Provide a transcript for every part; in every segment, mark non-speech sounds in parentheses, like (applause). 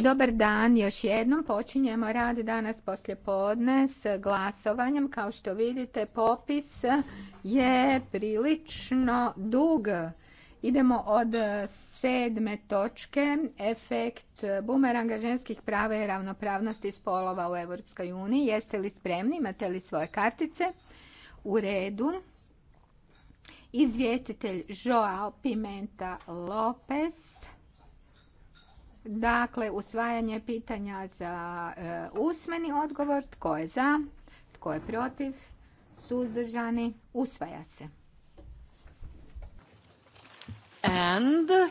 Dobar dan, još jednom počinjemo rad danas poslje podne s glasovanjem. Kao što vidite, popis je prilično dug. Idemo od sedme točke, efekt bumeranga ženskih prava i ravnopravnosti spolova u Europskoj uniji. Jeste li spremni, imate li svoje kartice? U redu izvjestitelj Joao Pimenta Lopez. Dakle, usvajanje pitanja za e, usmeni odgovor. Tko je za? Tko je protiv? Suzdržani? Usvaja se. And uh,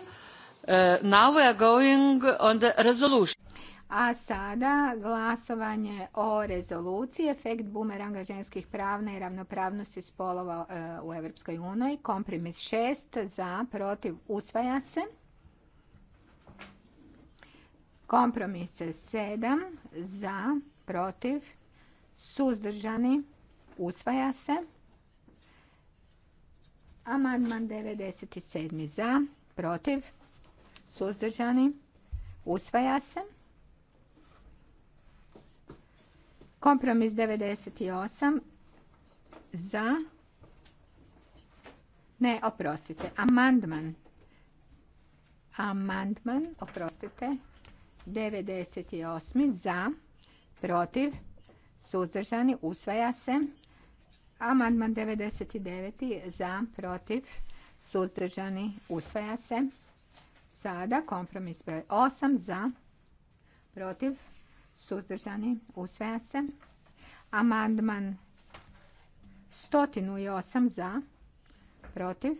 now we are going on the resolution. A sada glasovanje o rezoluciji efekt bumeranga ženskih pravne i ravnopravnosti spolova e, u Europskoj uniji. Kompromis šest za, protiv, usvaja se. Kompromis 7 za, protiv, suzdržani, usvaja se. Amandman 97 za, protiv, suzdržani, usvaja se. Kompromis 98 za, ne, oprostite, amandman. Amandman, oprostite, 98 za, protiv, suzdržani, usvaja se. Amandman 99 za, protiv, suzdržani, usvaja se. Sada kompromis broj 8 za, protiv, suzdržani, usvaja se. Amandman 108 za, protiv,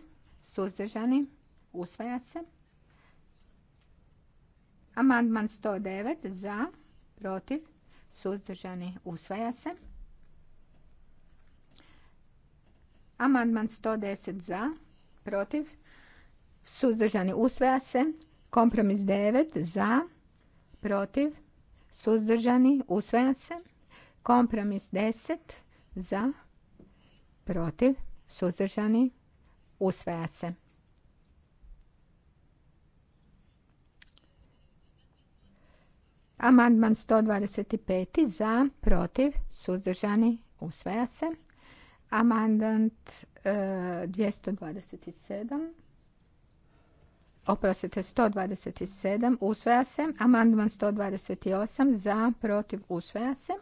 suzdržani, usvaja se. Amandman 109 za, protiv, suzdržani, usvaja se. Amandman 110 za, protiv, suzdržani, usvaja se. Kompromis 9 za, protiv, suzdržani, usvaja se. Kompromis 10 za, protiv, suzdržani, usvaja se. Amandman 125. za, protiv, suzdržani, usvaja se. Amandman 227 e, oprostite 127 usvaja se, amandman 128 za, protiv usvaja se,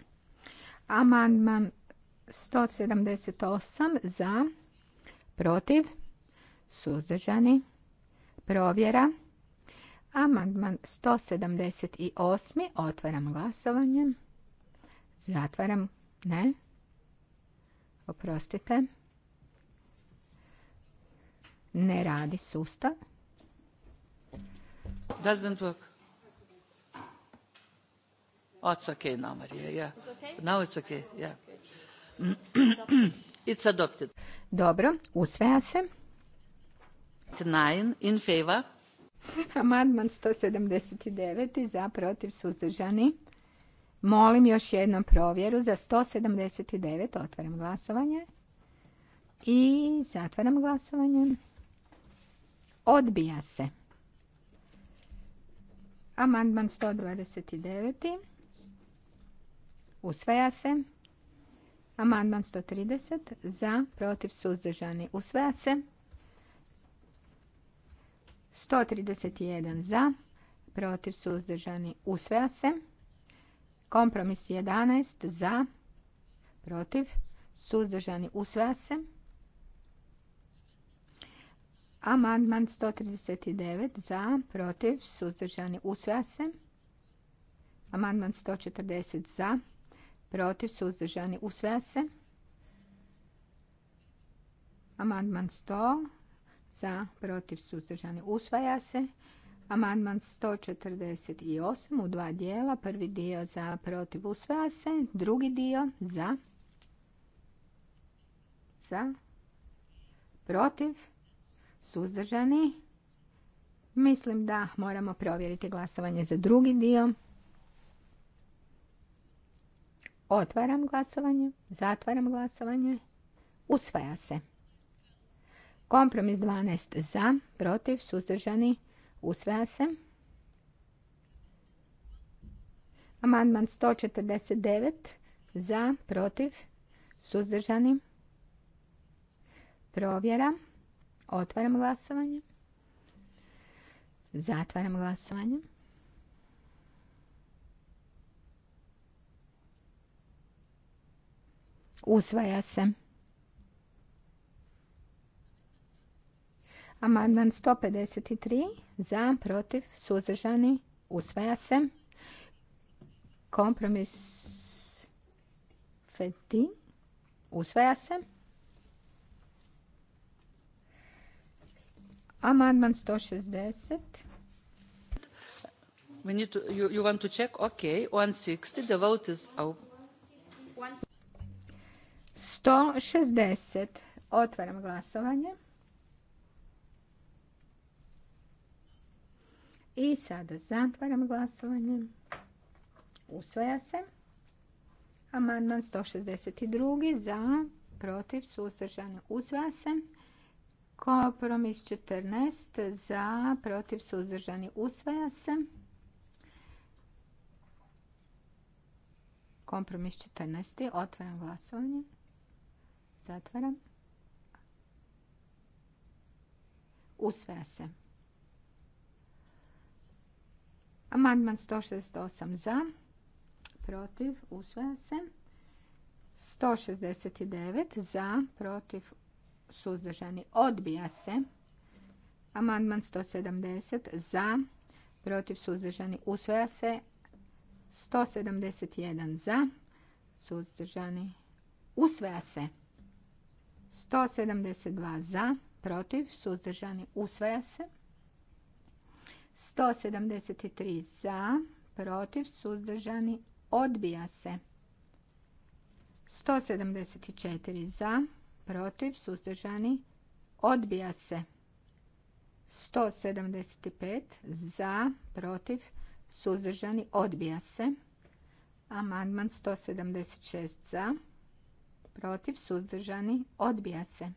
amandman 178 za, protiv, suzdržani, provjera, amandman 178, otvaram glasovanje, zatvaram, ne, oprostite, ne radi sustav. Doesn't work. Oh, it's okay now, Maria. Yeah. It's okay? Now it's okay. Yeah. (clears throat) it's adopted. Dobro, usvaja se. Nine in favor. (laughs) Amadman 179. za protiv suzdržani. Molim još jednom provjeru za 179. Otvaram glasovanje. I zatvaram glasovanje. Odbija se. Amandman 129. Usvaja se. Amandman 130. Za, protiv, suzdržani. Usvaja se. 131 za, protiv, suzdržani. Usvaja se. Kompromis 11 za, protiv, suzdržani. Usvaja se. Amandman 139 za, protiv, suzdržani, usvaja se. Amandman 140 za, protiv, suzdržani, usvaja se. Amandman 100 za, protiv, suzdržani, usvaja se. Amandman 148 u dva dijela. Prvi dio za, protiv, usvaja se. Drugi dio za, za, protiv, Suzdržani? Mislim da moramo provjeriti glasovanje za drugi dio. Otvaram glasovanje. Zatvaram glasovanje. Usvaja se. Kompromis 12 za, protiv, suzdržani, usvaja se. Amandman 149 za, protiv, suzdržani. Provjera. Otvaram glasovanje. Zatvaram glasovanje. Usvaja se. Amandman 153. Za, protiv, suzdržani. Usvaja se. Kompromis feti Usvaja se. Amandman 160. We need to, you, you want to check? Okay, 160, the vote is out. 160. Otvaram glasovanje. I sada zatvaram glasovanje. Usvaja se. Amandman 162. Za, protiv, suzdržani. Usvaja se. Kompromis 14 za, protiv, suzdržani, usvaja se. Kompromis 14. Otvaram glasovanje. Zatvaram. Usvaja se. Amandman 168 za, protiv, usvaja se. 169 za, protiv, suzdržani, odbija se. Amandman 170 za, protiv, suzdržani, usvaja se. 171 za, suzdržani, usvaja se. 172 za, protiv, suzdržani, usvaja se. 173 za, protiv, suzdržani, odbija se. 174 za, protiv, suzdržani, odbija se. 175 za, protiv, suzdržani, odbija se. Amandman 176 za, protiv, suzdržani, odbija se.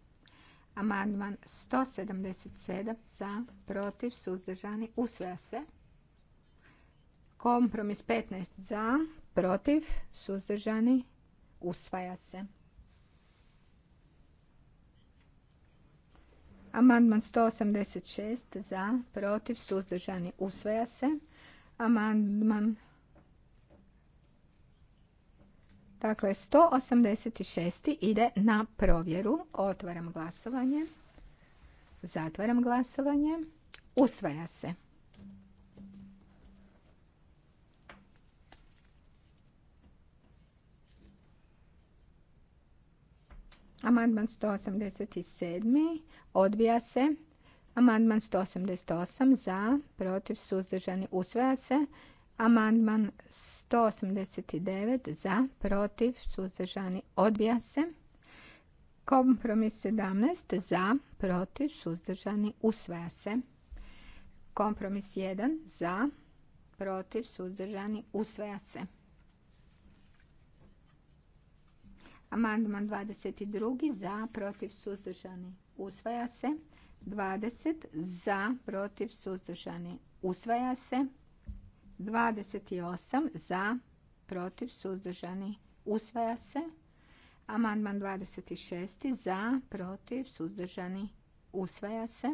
Amandman 177 za, protiv, suzdržani, usvaja se. Kompromis 15 za, protiv, suzdržani, usvaja se. Amandman 186 za, protiv, suzdržani, usvaja se. Amandman Dakle, 186. ide na provjeru. Otvaram glasovanje. Zatvaram glasovanje. Usvaja se. Amandman 187. Odbija se. Amandman 188 za, protiv, suzdržani, usvaja se. Amandman 189 za, protiv, suzdržani, odbija se. Kompromis 17 za, protiv, suzdržani, usvaja se. Kompromis 1 za, protiv, suzdržani, usvaja se. Amandman 22 za, protiv, suzdržani, usvaja se. 20 za, protiv, suzdržani, usvaja se. 28 za, protiv, suzdržani, usvaja se. Amandman 26 za, protiv, suzdržani, usvaja se.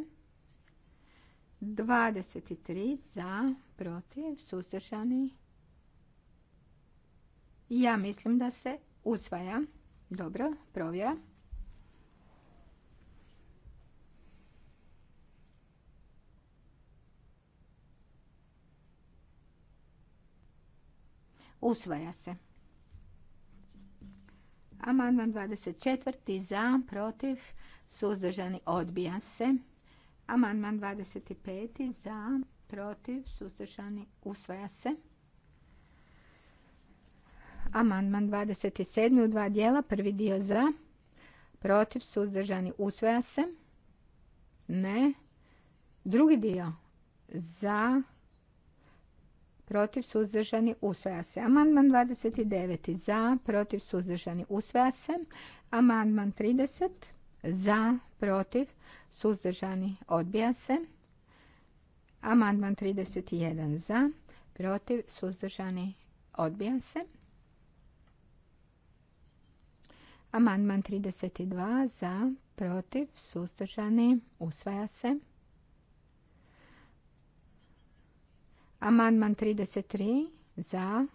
23 za, protiv, suzdržani. Ja mislim da se usvaja. Dobro, provjera. Usvaja se. Amandman 24. za, protiv, suzdržani, odbija se. Amandman 25. za, protiv, suzdržani, usvaja se. Amandman 27. u dva dijela, prvi dio za, protiv, suzdržani, usvaja se. Ne. Drugi dio za, protiv, suzdržani, usvaja se. Amandman 29. za, protiv, suzdržani, usvaja se. Amandman 30. za, protiv, suzdržani, odbija se. Amandman 31. za, protiv, suzdržani, odbija se. Amandman 32. za, protiv, suzdržani, usvaja se. Amandman 33 za.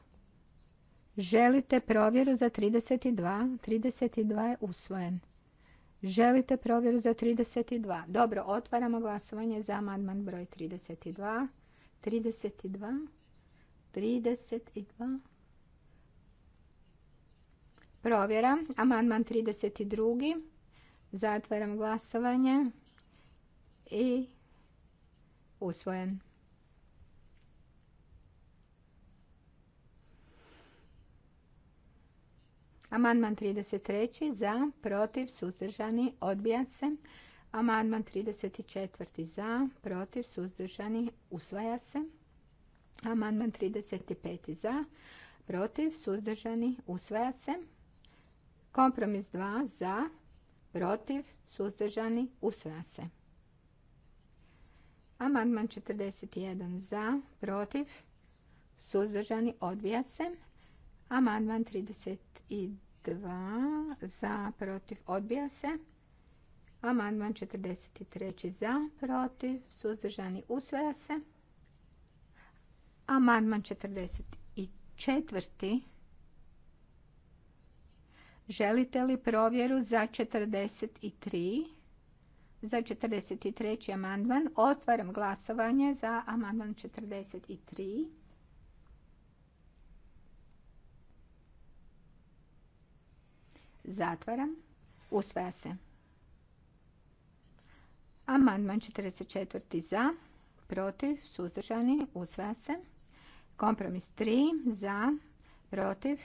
Želite provjeru za 32? 32 je usvojen. Želite provjeru za 32? Dobro, otvaramo glasovanje za amandman broj 32. 32. 32. Provjera. Amandman 32. Zatvaram glasovanje. I usvojen. Amandman 33. za, protiv, suzdržani, odbija se. Amandman 34. za, protiv, suzdržani, usvaja se. Amandman 35. za, protiv, suzdržani, usvaja se. Kompromis 2 za, protiv, suzdržani, usvaja se. Amandman 41 za, protiv, suzdržani, odbija se. Amandman 32 za, protiv, odbija se. Amandman 43 za, protiv, suzdržani, usvaja se. Amandman 44. Želite li provjeru za 43? Za 43. amandman otvaram glasovanje za amandman 43. Zatvaram. Usvaja se. Amandman 44. za, protiv, suzdržani, usvaja se. Kompromis 3 za, protiv,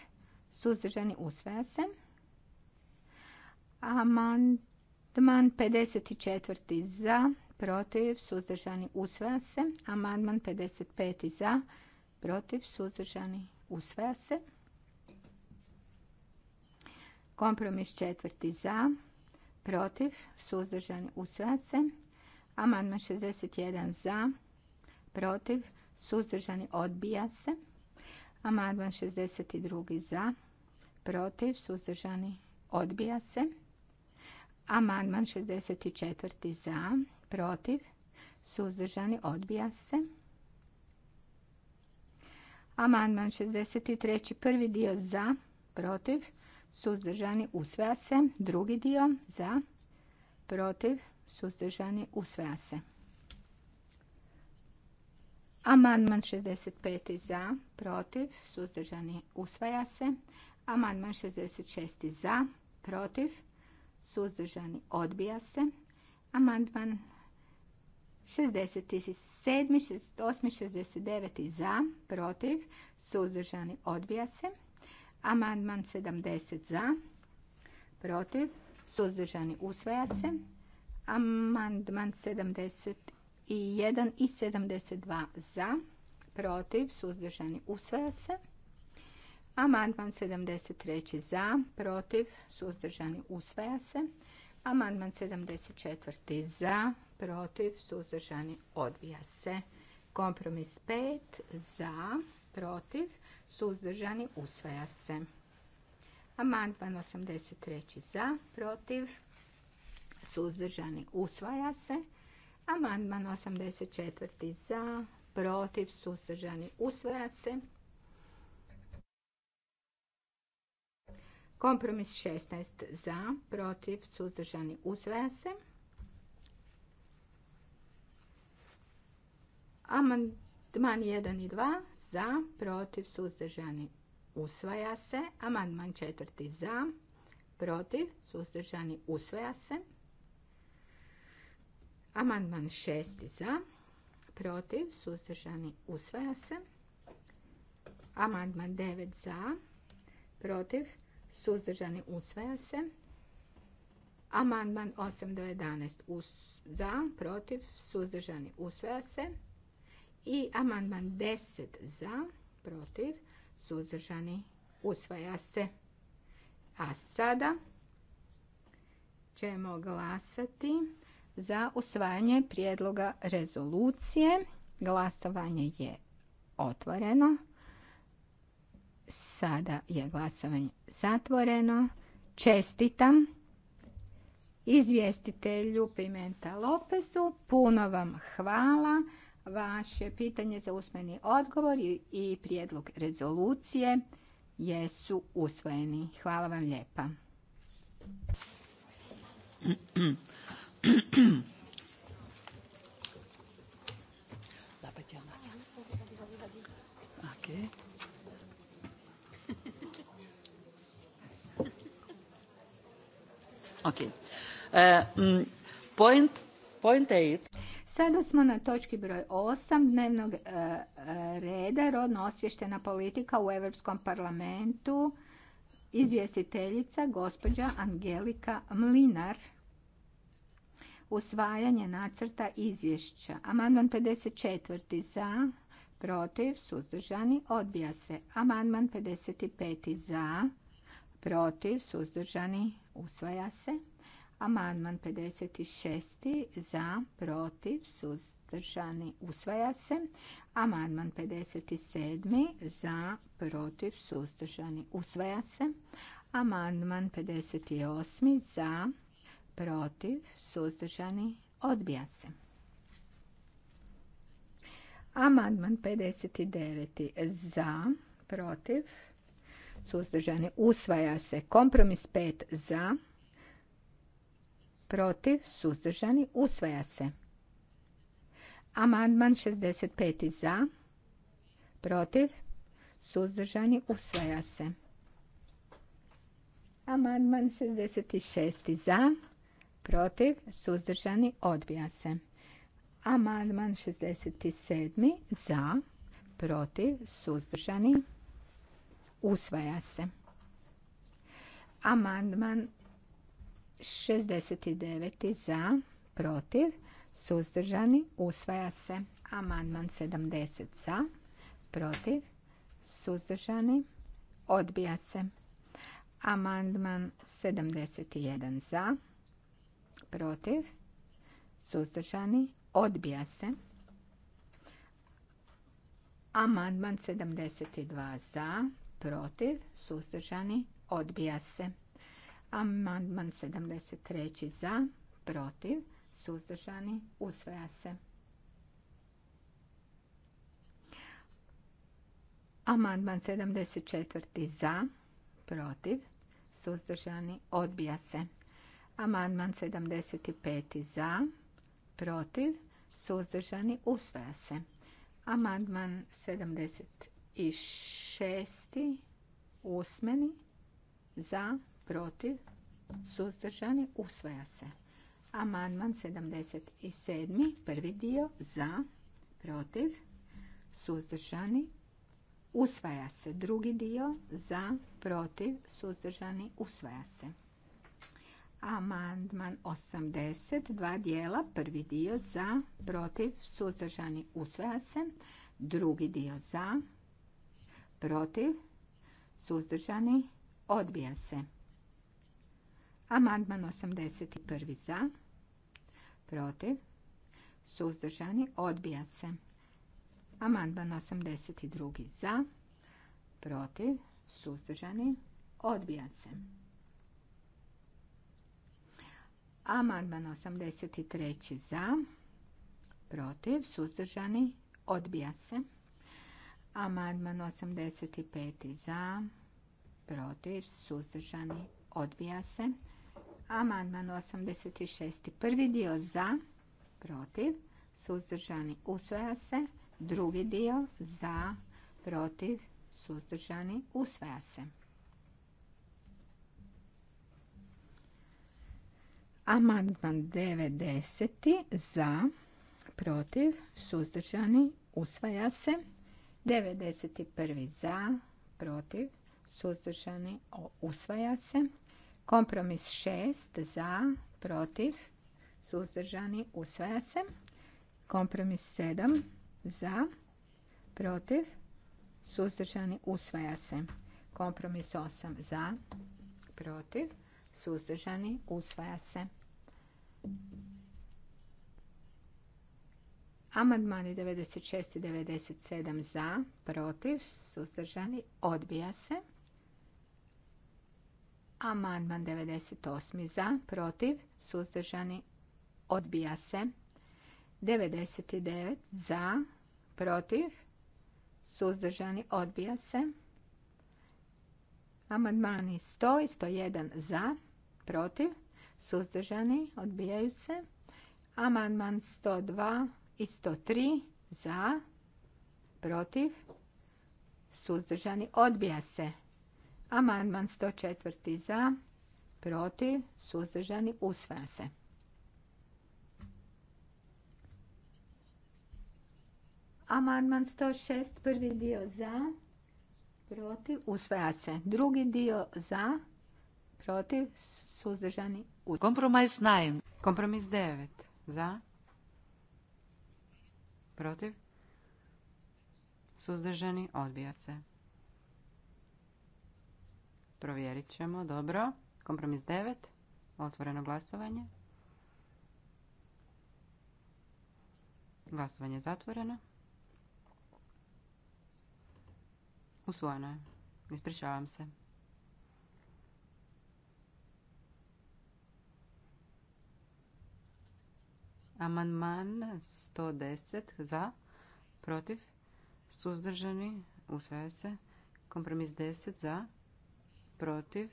suzdržani, usvaja se. Amandman 54. za, protiv, suzdržani, usvaja se. Amandman 55. za, protiv, suzdržani, usvaja se. Kompromis četvrti za, protiv, suzdržani, usvaja se. Amandman 61 za, protiv, suzdržani, odbija se. Amandman 62 za, protiv, suzdržani, odbija se. Amandman 64 za, protiv, suzdržani, odbija se. Amandman 63. prvi dio za, protiv, suzdržani, usvaja se. Drugi dio za, protiv, suzdržani, usvaja se. Amandman 65. za, protiv, suzdržani, usvaja se. Amandman 66. za, protiv, suzdržani, odbija se. Amandman 67. 68. 69. za, protiv, suzdržani, odbija se. Amandman 70 za, protiv, suzdržani usvaja se. Amandman 71 i 72 za, protiv, suzdržani usvaja se. Amandman 73 za, protiv, suzdržani usvaja se. Amandman 74 za, protiv, suzdržani odbija se. Kompromis 5 za, protiv, suzdržani, usvaja se. Amandman 83. za, protiv, suzdržani, usvaja se. Amandman 84. za, protiv, suzdržani, usvaja se. Kompromis 16 za, protiv, suzdržani, usvaja se. Amandman 1 i 2 za, protiv, suzdržani, usvaja se. Amandman četvrti za, protiv, suzdržani, usvaja se. Amandman šesti za, protiv, suzdržani, usvaja se. Amandman 9 za, protiv, suzdržani, usvaja se. Amandman 8 do 11 za, protiv, suzdržani, usvaja se. I amandman 10 za, protiv, suzdržani, usvaja se. A sada ćemo glasati za usvajanje prijedloga rezolucije. Glasovanje je otvoreno. Sada je glasovanje zatvoreno. Čestitam izvjestitelju Pimenta Lopezu. Puno vam hvala. Vaše pitanje za usmeni odgovor i prijedlog rezolucije jesu usvojeni. Hvala vam lijepa. Okay. Eh, mm, point, point eight. Sada smo na točki broj 8 dnevnog e, e, reda rodno osvještena politika u Europskom parlamentu. Izvjestiteljica gospođa Angelika Mlinar. Usvajanje nacrta izvješća. Amandman 54. za, protiv, suzdržani, odbija se. Amandman 55. za, protiv, suzdržani, usvaja se. Amandman 56. za, protiv, suzdržani, usvaja se. Amandman 57. za, protiv, suzdržani, usvaja se. Amandman 58. za, protiv, suzdržani, odbija se. Amandman 59. za, protiv, suzdržani, usvaja se. Kompromis 5 za, protiv, suzdržani, usvaja se. Amandman 65. za, protiv, suzdržani, usvaja se. Amandman 66. za, protiv, suzdržani, odbija se. Amandman 67. za, protiv, suzdržani, usvaja se. Amandman 69. za, protiv, suzdržani, usvaja se. Amandman 70 za, protiv, suzdržani, odbija se. Amandman 71 za, protiv, suzdržani, odbija se. Amandman 72 za, protiv, suzdržani, odbija se. Amandman 73. za, protiv, suzdržani, usvaja se. Amandman 74. za, protiv, suzdržani, odbija se. Amandman 75. za, protiv, suzdržani, usvaja se. Amandman 76. usmeni, za, protiv, suzdržani, usvaja se. Amandman 77. prvi dio za, protiv, suzdržani, usvaja se. Drugi dio za, protiv, suzdržani, usvaja se. Amandman 80. Dva dijela, prvi dio za, protiv, suzdržani, usvaja se. Drugi dio za, protiv, suzdržani, odbija se. Amandman 81. za, protiv, suzdržani, odbija se. Amandman 82. za, protiv, suzdržani, odbija se. Amandman 83. za, protiv, suzdržani, odbija se. Amandman 85. za, protiv, suzdržani, odbija se. Amandman 86. Prvi dio za, protiv, suzdržani, usvaja se. Drugi dio za, protiv, suzdržani, usvaja se. Amandman 90. za, protiv, suzdržani, usvaja se. 91. za, protiv, suzdržani, usvaja se. Kompromis 6 za, protiv, suzdržani, usvaja se. Kompromis 7 za, protiv, suzdržani, usvaja se. Kompromis 8 za, protiv, suzdržani, usvaja se. Amandmani 96 i 97 za, protiv, suzdržani, odbija se. Amandman 98. za, protiv, suzdržani, odbija se. 99. za, protiv, suzdržani, odbija se. Amandmani 100 i 101 za, protiv, suzdržani, odbijaju se. Amandman 102 i 103 za, protiv, suzdržani, odbija se. Amandman 104. za, protiv, suzdržani, usvaja se. Amandman 106. Prvi dio za, protiv, usvaja se. Drugi dio za, protiv, suzdržani, usvaja se. Kompromis 9. Kompromis 9. Za, protiv, suzdržani, odbija se. Provjerit ćemo, dobro. Kompromis 9. Otvoreno glasovanje. Glasovanje je zatvoreno. Usvojeno je. Ispričavam se. Amandman 110 za, protiv, suzdržani, usvaja se. Kompromis 10 za, protiv,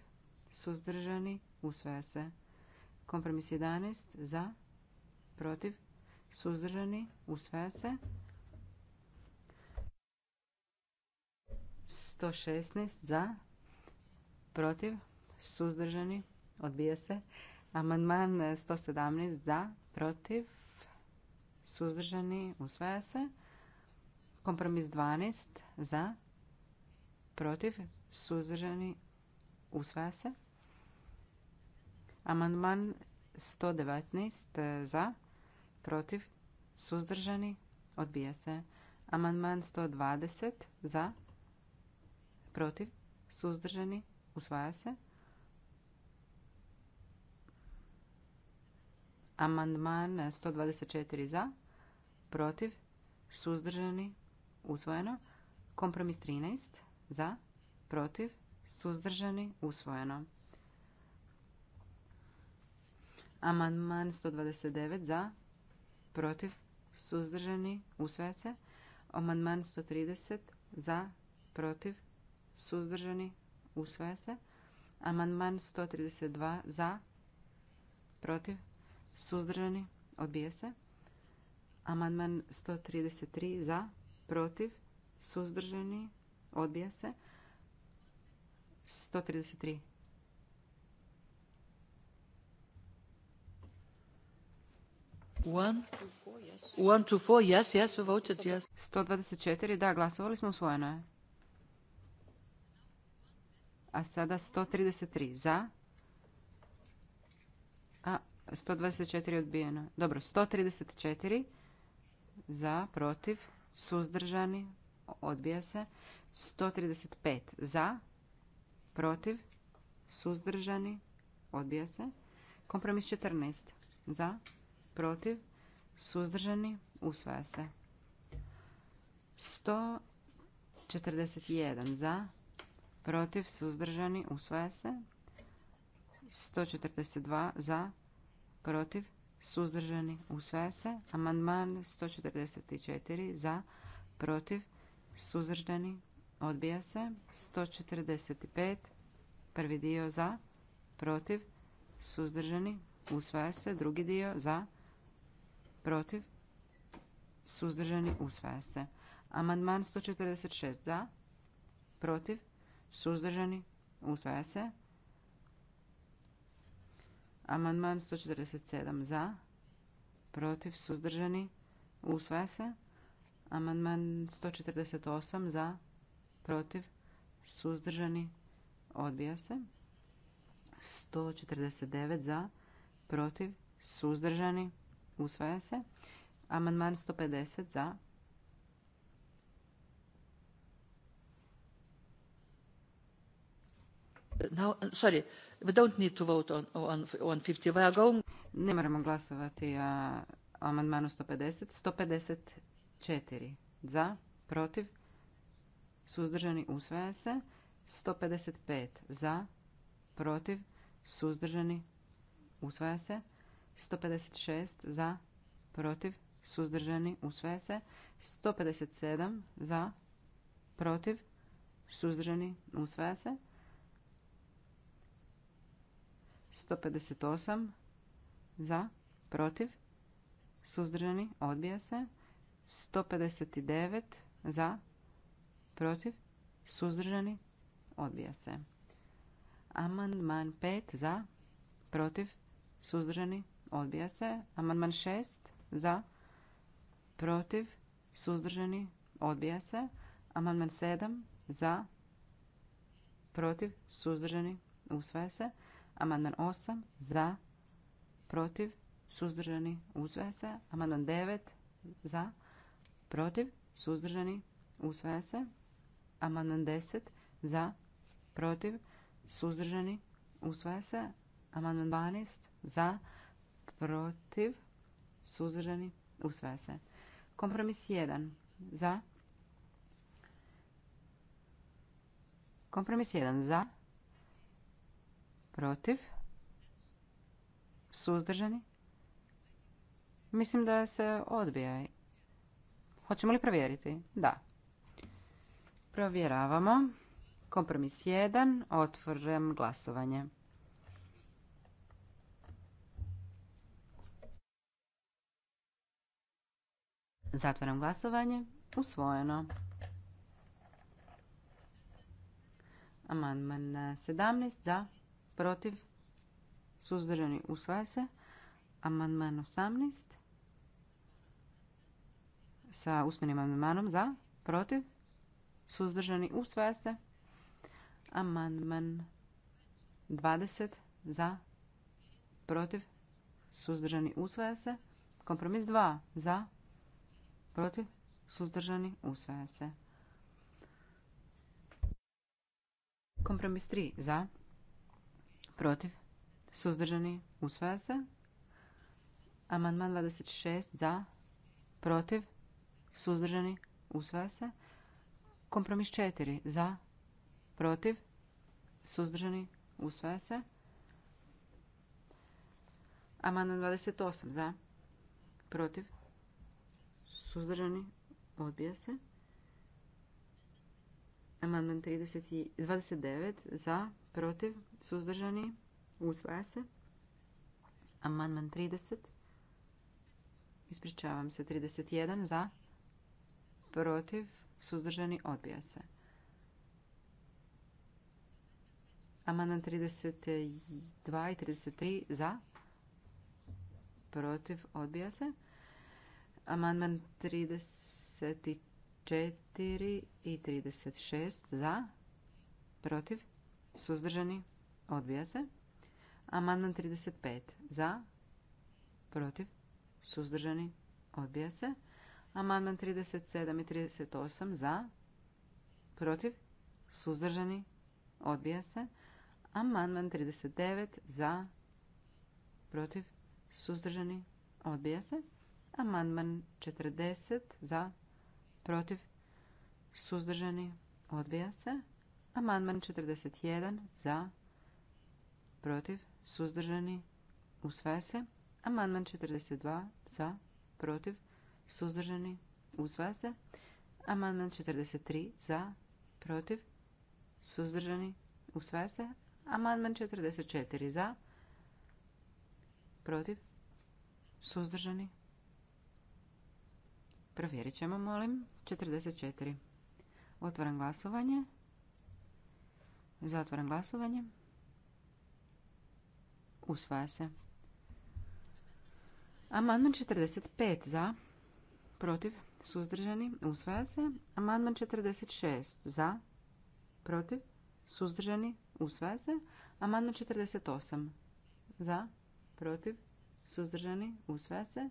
suzdržani, usvaja se. Kompromis 11 za, protiv, suzdržani, usvaja se. 116 za, protiv, suzdržani, odbija se. Amandman 117 za, protiv, suzdržani, usvaja se. Kompromis 12 za, protiv, suzdržani, Usvaja se. Amandman 119 e, za, protiv, suzdržani, odbija se. Amandman 120 za, protiv, suzdržani, usvaja se. Amandman 124 za, protiv, suzdržani, usvojeno. Kompromis 13 za, protiv, suzdržani, usvojeno. Amandman 129 za, protiv, suzdržani, usvaja se. Amandman 130 za, protiv, suzdržani, usvaja se. Amandman 132 za, protiv, suzdržani, odbije se. Amandman 133 za, protiv, suzdržani, odbija se. 133. One, one four, yes, yes, voted, yes. 124, da, glasovali smo, usvojeno je. A sada 133, za. A, 124 odbijeno. Dobro, 134, za, protiv, suzdržani, odbija se. 135, za, protiv, suzdržani, odbija se. Kompromis 14 za, protiv, suzdržani, usvaja se. 141 za, protiv, suzdržani, usvaja se. 142 za, protiv, suzdržani, usvaja se. Amandman 144 za, protiv, suzdržani, Odbija se. 145. Prvi dio za. Protiv. Suzdržani. Usvaja se. Drugi dio za. Protiv. Suzdržani. Usvaja se. Amandman 146. Za. Protiv. Suzdržani. Usvaja se. Amandman 147. Za. Protiv. Suzdržani. Usvaja se. Amandman 148. Za protiv, suzdržani, odbija se. 149 za, protiv, suzdržani, usvaja se. Amandman 150 za, Now, sorry, we don't need to vote on, on, We are going... Ne moramo glasovati o amandmanu 150. 154 za, protiv, suzdržani, usvaja se. 155 za, protiv, suzdržani, usvaja se. 156 za, protiv, suzdržani, usvaja se. 157 za, protiv, suzdržani, usvaja se. 158 za, protiv, suzdržani, odbija se. 159 za, protiv, suzdržani, odbija se. Amandman 5 za, protiv, suzdržani, odbija se. Amandman 6 za, protiv, suzdržani, odbija se. Amandman 7 za, protiv, suzdržani, usvaja se. Amandman 8 za, protiv, suzdržani, usvaja se. Amandman 9 za, protiv, suzdržani, usvaja se. Amandman 10 za, protiv, suzdržani, usvaja se. Amandman 12 za, protiv, suzdržani, usvaja se. Kompromis 1 za, kompromis 1 za, protiv, suzdržani. Mislim da se odbija. Hoćemo li provjeriti? Da. Provjeravamo. Kompromis 1. Otvorem glasovanje. Zatvaram glasovanje. Usvojeno. Amandman 17. Za. Protiv. Suzdržani. Usvaja se. Amandman 18. Sa usmenim amandmanom. Za. Protiv suzdržani, usvaja se. Amandman 20 za, protiv, suzdržani, usvaja se. Kompromis 2 za, protiv, suzdržani, usvaja se. Kompromis 3 za, protiv, suzdržani, usvaja se. Amandman 26 za, protiv, suzdržani, usvaja se. Kompromis 4 za, protiv, suzdržani, usvaja se. Amandman 28 za, protiv, suzdržani, odbija se. Amandman 29 za, protiv, suzdržani, usvaja se. Amandman 30, ispričavam se, 31 za, protiv, suzdržani, odbija se. Amandman 32 i 33 za, protiv, odbija se. Amandman 34 i 36 za, protiv, suzdržani, odbija se. Amandman 35 za, protiv, suzdržani, odbija se. Amandman 37 i 38 za, protiv, suzdržani, odbija se. Amandman 39 za, protiv, suzdržani, odbija se. Amandman 40 za, protiv, suzdržani, odbija se. Amandman 41 za, protiv, suzdržani, usvaja se. Amandman 42 za, protiv, suzdržani, usvaja se. Amandman 43 za, protiv, suzdržani, usvaja se. Amandman 44 za, protiv, suzdržani. Provjerit ćemo, molim. 44. Otvaram glasovanje. Zatvaram glasovanje. Usvaja se. Amandman 45 za, protiv, suzdržani, usvaja se. Amandman 46 za, protiv, suzdržani, usvaja se. Amandman 48 za, protiv, suzdržani, usvaja se.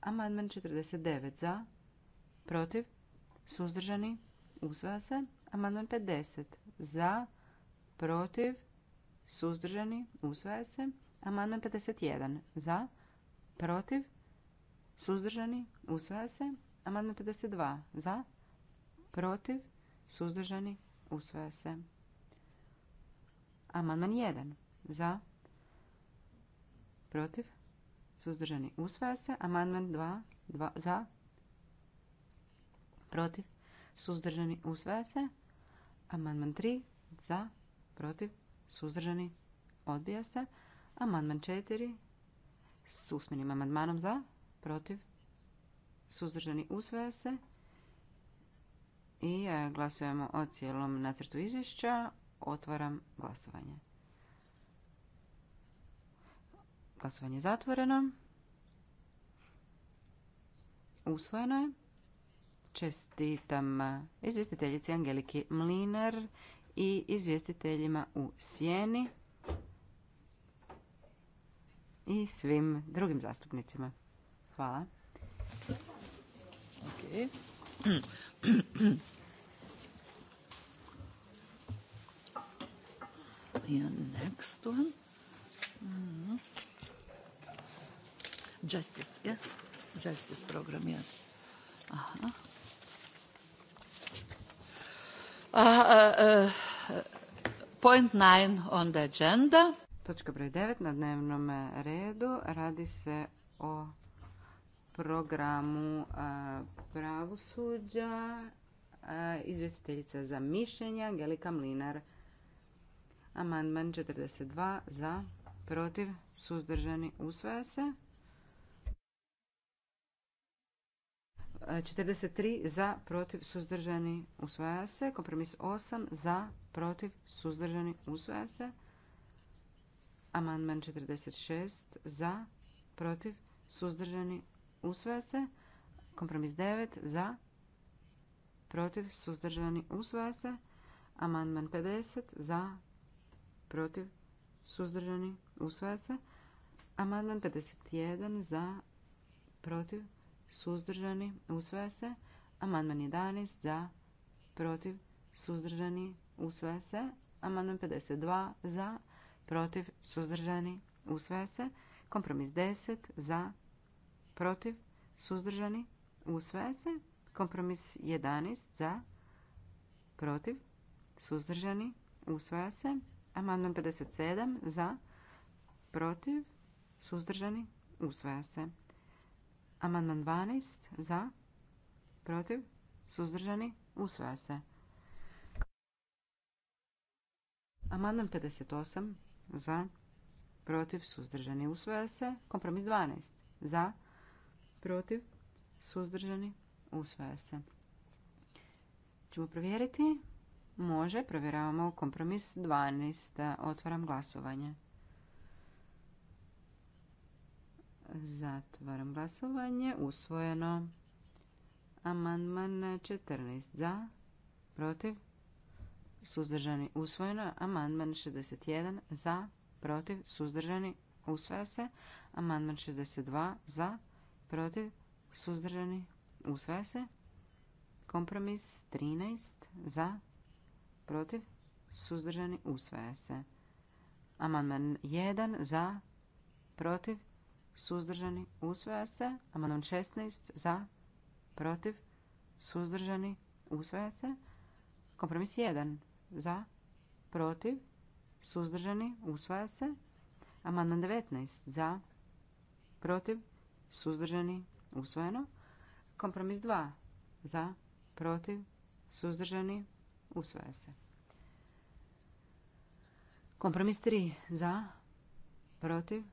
Amandman 49 za, protiv, suzdržani, usvaja se. Amandman 50 za, protiv, suzdržani, usvaja se. Amandman 51 za, protiv, Suzdržani? Usvaja se. Amandman 52. Za? Protiv? Suzdržani? Usvaja se. Amandman 1. Za? Protiv? Suzdržani? Usvaja se. Amandman 2. 2. Za? Protiv? Suzdržani? Usvaja se. Amandman 3. Za? Protiv? Suzdržani? Odbija se. Amandman 4. S usmenim amandmanom za? protiv, suzdržani, usvaja se. I e, glasujemo o cijelom nacrtu izvješća. Otvaram glasovanje. Glasovanje je zatvoreno. Usvojeno je. Čestitam izvjestiteljici Angeliki Mlinar i izvjestiteljima u Sjeni i svim drugim zastupnicima. Hvala. Okay. (clears throat) And next one. Mm -hmm. Justice, yes. Justice program, yes. Aha. Uh, uh, uh, point nine on the agenda. Točka broj 9 na dnevnom redu radi se o programu e, pravosuđa, e, izvjestiteljica za mišljenje Angelika Mlinar. Amandman 42 za, protiv, suzdržani, usvaja se. 43 e, za, protiv, suzdržani, usvaja se. Kompromis 8 za, protiv, suzdržani, usvaja se. Amandman 46 za, protiv, suzdržani, usvaja se. Kompromis 9 za, protiv, suzdržani, usvaja se. Amandman 50 za, protiv, suzdržani, usvaja se. Amandman 51 za, protiv, suzdržani, usvaja se. Amandman 11 za, protiv, suzdržani, usvaja se. Amandman 52 za, protiv, suzdržani, usvaja se. Kompromis 10 za, protiv, suzdržani, usvaja se. Kompromis 11 za, protiv, suzdržani, usvaja se. Amandman 57 za, protiv, suzdržani, usvaja se. Amandman 12 za, protiv, suzdržani, usvaja se. Amandman 58 za, protiv, suzdržani, usvaja se. Kompromis 12 za, protiv, suzdržani, usvaja se. Čemo provjeriti? Može, provjeravamo kompromis 12. Otvaram glasovanje. Zatvaram glasovanje. Usvojeno. Amandman 14 za, protiv, suzdržani, usvojeno. Amandman 61 za, protiv, suzdržani, usvaja se. Amandman 62 za, protiv, suzdržani, usvaja se. Kompromis 13 za, protiv, suzdržani, usvaja se. Amandman 1 za, protiv, suzdržani, usvaja se. Amandman 16 za, protiv, suzdržani, usvaja se. Kompromis 1 za, protiv, suzdržani, usvaja se. Amandman 19 za, protiv, suzdržani, usvojeno. Kompromis 2 za, protiv, suzdržani, usvaja se. Kompromis 3 za, protiv,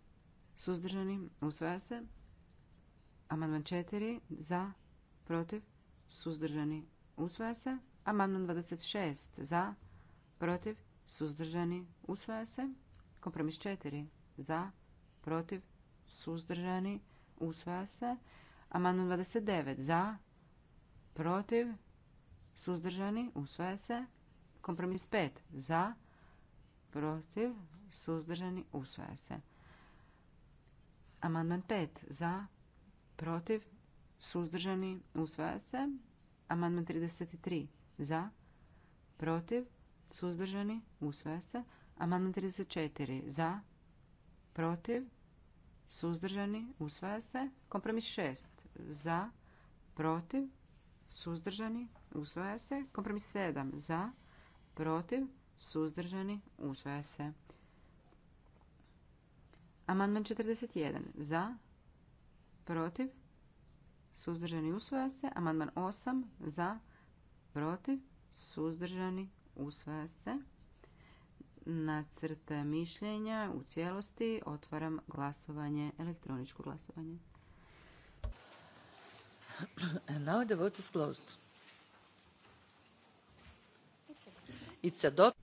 suzdržani, usvaja se. Amandman 4 za, protiv, suzdržani, usvaja se. Amandman 26 za, protiv, suzdržani, usvaja se. Kompromis 4 za, protiv, suzdržani, usvaja se. Amandman 29 za, protiv, suzdržani, usvaja se. Kompromis 5 za, protiv, suzdržani, usvaja se. Amandman 5 za, protiv, suzdržani, usvaja se. Amandman 33 za, protiv, suzdržani, usvaja se. Amandman 34 za, protiv, suzdržani, usvaja se. Kompromis šest, za, protiv, suzdržani, usvaja se. Kompromis sedam, za, protiv, suzdržani, usvaja se. Amandman 41 za, protiv, suzdržani, usvaja se. Amandman 8 za, protiv, suzdržani, usvaja se nacrte mišljenja u cijelosti. Otvaram glasovanje, elektroničko glasovanje. And now the vote is closed. It's dot.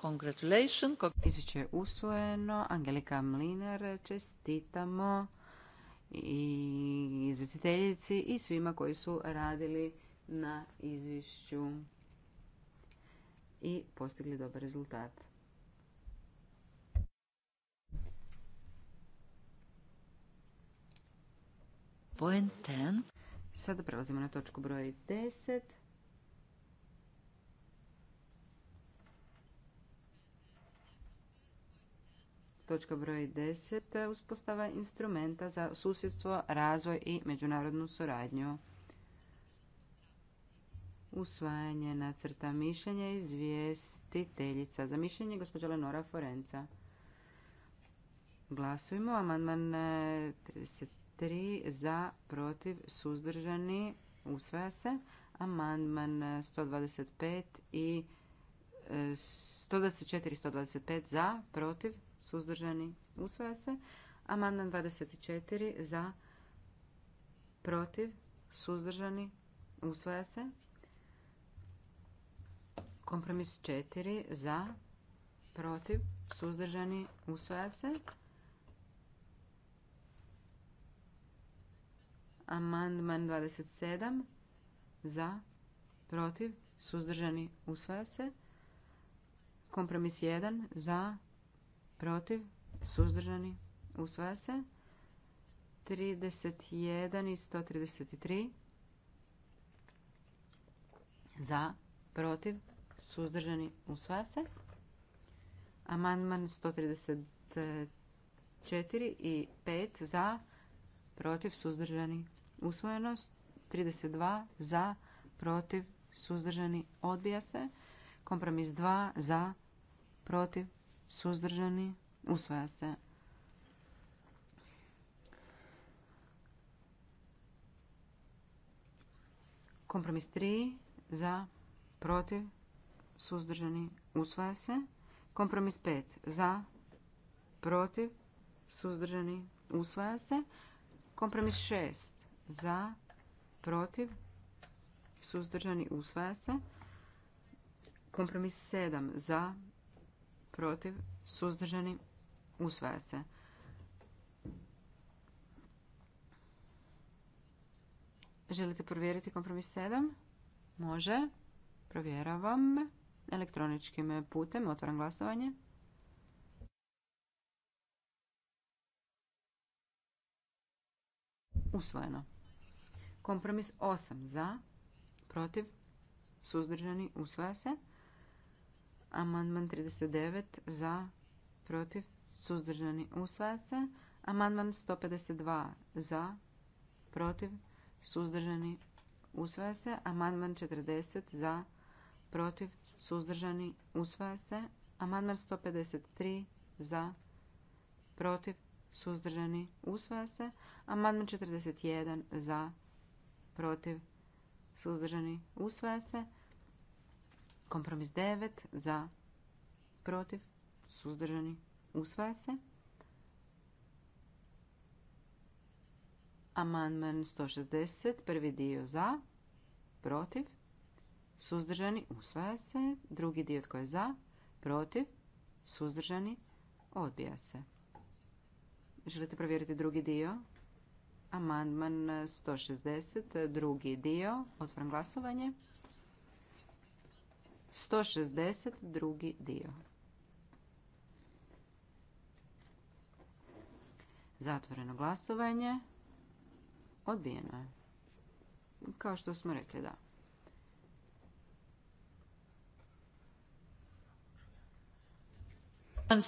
congratulations. Izvješće je usvojeno. Angelika Mlinar, čestitamo i izvjestiteljici i svima koji su radili na izvješću i postigli dobar rezultat. Sada prelazimo na točku broj 10. Točka broj 10. E, uspostava instrumenta za susjedstvo, razvoj i međunarodnu suradnju usvajanje nacrta mišljenja izvjestiteljica za mišljenje gospođa Lenora Forenca. Glasujemo. Amandman 33 e, za, protiv, suzdržani, usvaja se. Amandman 125 e, i 124 e, 125 za, protiv, suzdržani, usvaja se. Amandman 24 za, protiv, suzdržani, usvaja se. Kompromis 4 za, protiv, suzdržani, usvaja se. Amandman 27 za, protiv, suzdržani, usvaja se. Kompromis 1 za, protiv, suzdržani, usvaja se. 31 i 133 za, protiv, suzdržani, usvaja se. Amandman 134 i 5 za, protiv, suzdržani, usvojenost 32 za, protiv, suzdržani, odbija se. Kompromis 2 za, protiv, suzdržani, usvaja se. Kompromis 3 za, protiv, suzdržani, usvaja se. Kompromis 5 za, protiv, suzdržani, usvaja se. Kompromis 6 za, protiv, suzdržani, usvaja se. Kompromis 7 za, protiv, suzdržani, usvaja se. Želite provjeriti kompromis 7? Može. Provjeravam elektroničkim putem. Otvaram glasovanje. Usvojeno. Kompromis 8 za, protiv, suzdržani, usvaja se. Amandman 39 za, protiv, suzdržani, usvaja se. Amandman 152 za, protiv, suzdržani, usvaja se. Amandman 40 za, protiv, suzdržani, usvaja se. Amandman 153 za, protiv, suzdržani, usvaja se. Amandman 41 za, protiv, suzdržani, usvaja se. Kompromis 9 za, protiv, suzdržani, usvaja se. Amandman 160, prvi dio za, protiv, suzdržani, usvaja se. Drugi dio tko je za, protiv, suzdržani, odbija se. Želite provjeriti drugi dio? Amandman 160, drugi dio, otvoren glasovanje. 160, drugi dio. Zatvoreno glasovanje. Odbijeno je. Kao što smo rekli, da. Amandman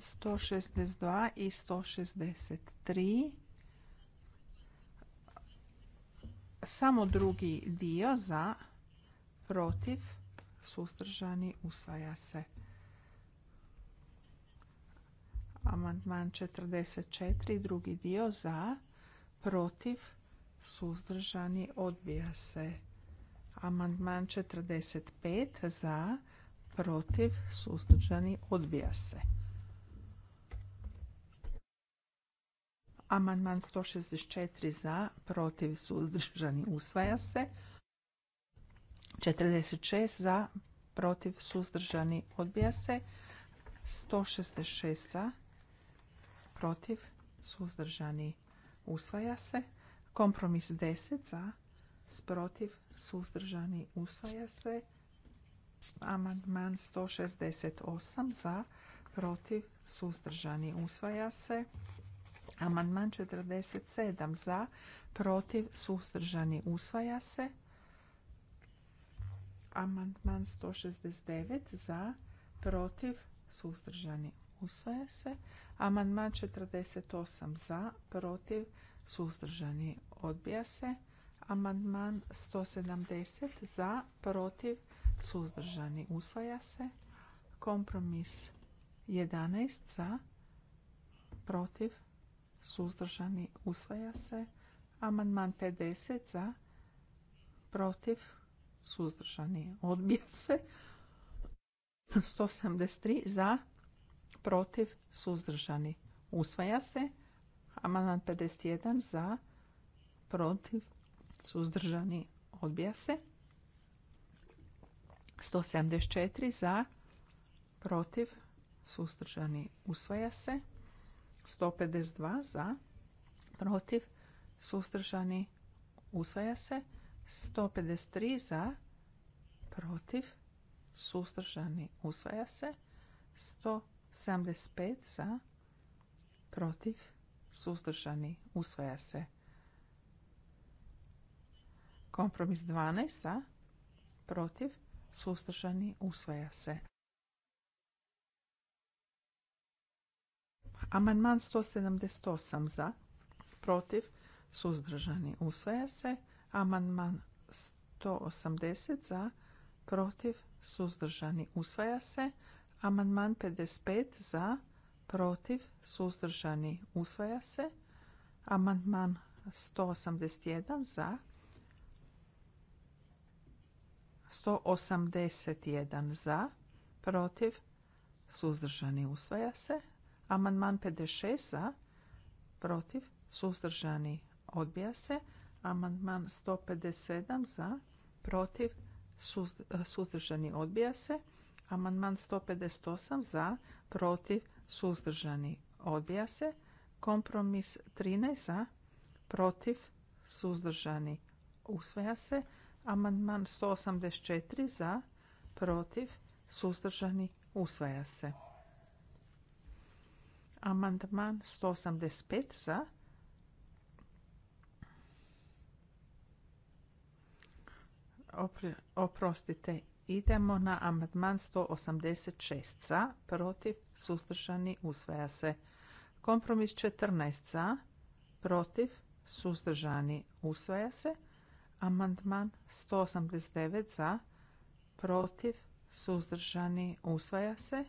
162 i 163. Samo drugi dio za, protiv, sustržani, usvaja se. Amandman 44, drugi dio za, protiv, suzdržani, odbija se. Amandman 45 za, protiv, suzdržani, odbija se. Amandman 164 za, protiv, suzdržani, usvaja se. 46 za, protiv, suzdržani, odbija se. 166 za, protiv, suzdržani, usvaja se. Kompromis 10 za, protiv, suzdržani, usvaja se. Amandman 168 za, protiv, suzdržani, usvaja se. Amandman 47 za, protiv, suzdržani, usvaja se. Amandman 169 za, protiv, suzdržani, usvaja se. Amandman 48 za, protiv, suzdržani, odbija se. Amandman 170 za, protiv, suzdržani. Usvaja se. Kompromis 11 za, protiv, suzdržani. Usvaja se. Amandman 50 za, protiv, suzdržani. Odbija se. 173 za, protiv, suzdržani. Usvaja se. Amandman 51 za, protiv, suzdržani, odbija se. 174 za, protiv, suzdržani, usvaja se. 152 za, protiv, suzdržani, usvaja se. 153 za, protiv, suzdržani, usvaja se. 175 za, protiv, suzdržani, usvaja se. Kompromis 12 za, protiv, suzdržani, usvaja se. Amandman 178 za, protiv, suzdržani, usvaja se. Amandman 180 za, protiv, suzdržani, usvaja se. Amandman 55 za, protiv, suzdržani, usvaja se. Amandman 181 za, 181 za, protiv, suzdržani usvaja se. Amandman 56 za, protiv, suzdržani odbija se. Amandman 157 za, protiv, eh, suzdržani odbija se. Amandman 158 za, protiv, suzdržani odbija se. Kompromis 13 za, protiv, suzdržani usvaja se. Amandman 184 za, protiv, suzdržani, usvaja se. Amandman 185 za, oprostite, idemo na amandman 186 za, protiv, suzdržani, usvaja se. Kompromis 14 za, protiv, suzdržani, usvaja se. Amandman 189 za, protiv, suzdržani, usvaja se.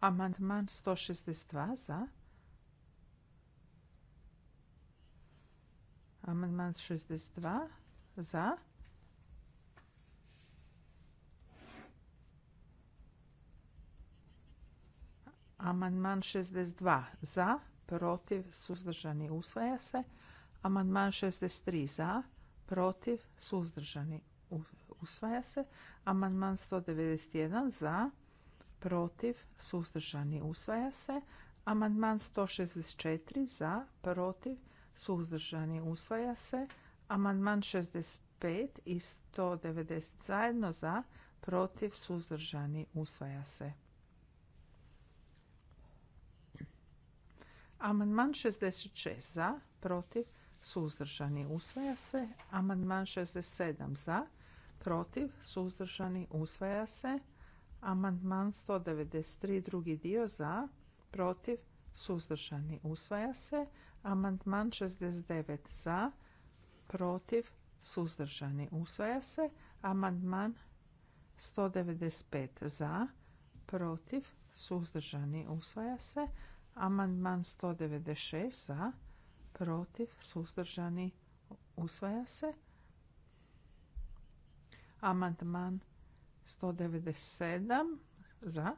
Amandman 162 za. Amandman 62 za. Amandman 62 za, protiv, suzdržani, usvaja se. Amandman 63 za, protiv, suzdržani, usvaja se. Amandman 191 za, protiv, suzdržani, usvaja se. Amandman 164 za, protiv, suzdržani, usvaja se. Amandman 65 i 190 zajedno za, protiv, suzdržani, usvaja se. Amandman 66 za, protiv, suzdržani, usvaja se. Amandman 67 za, protiv, suzdržani, usvaja se. Amandman 193 drugi dio za, protiv, suzdržani, usvaja se. Amandman 69 za, protiv, suzdržani, usvaja se. Amandman 195 za, protiv, suzdržani, usvaja se. Amandman 196 za, protiv, suzdržani, usvaja se. Amandman 197 za,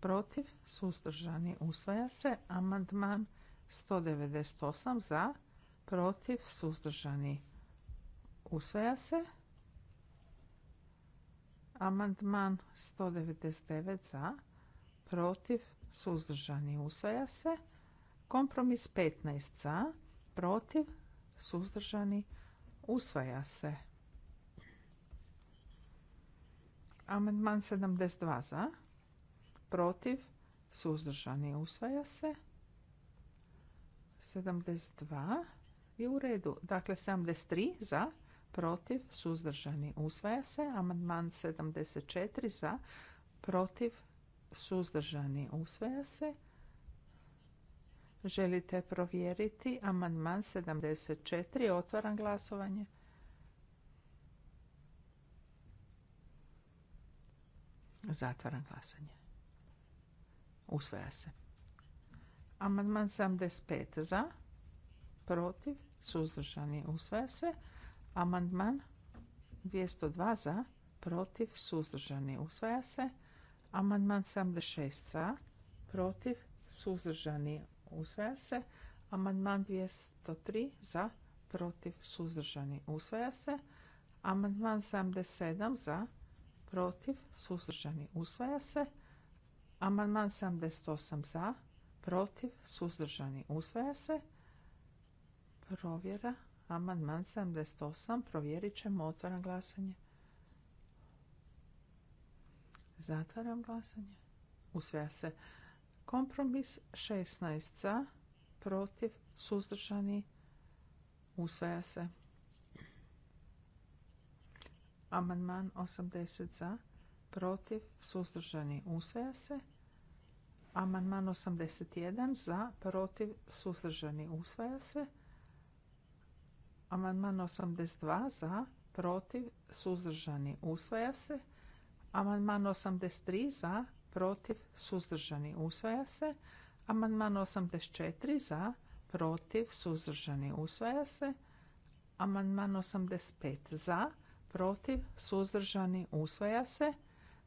protiv, suzdržani, usvaja se. Amandman 198 za, protiv, suzdržani, usvaja se. Amandman 199 za, protiv, suzdržani, usvaja se. Kompromis 15 za, protiv, suzdržani, usvaja se. Amandman 72 za, protiv, suzdržani, usvaja se. 72 je u redu. Dakle, 73 za, protiv, suzdržani, usvaja se. Amandman 74 za, protiv, suzdržani, usvaja se. Želite provjeriti amandman 74. Otvaram glasovanje. Zatvaram glasanje. Usvaja se. Amandman 75 za, protiv, suzdržani, usvaja se. Amandman 202 za, protiv, suzdržani, usvaja se. Amandman 76 za, protiv, suzdržani, usvaja se. Amandman 203 za, protiv, suzdržani, usvaja se. Amandman 77 za, protiv, suzdržani, usvaja se. Amandman 78 za, protiv, suzdržani, usvaja se. Provjera. Amandman 78. Provjerit ćemo. Otvaram glasanje. Zatvaram glasanje. Usvaja se. Kompromis 16 za, protiv, suzdržani, usvaja se. Amandman 80 za, protiv, suzdržani, usvaja se. Amandman 81 za, protiv, suzdržani, usvaja se. Amandman 82 za, protiv, suzdržani, usvaja se. Amandman 83 za, protiv, suzdržani, usvaja se. Amandman 84 za, protiv, suzdržani, usvaja se. Amandman 85 za, protiv, suzdržani, usvaja se.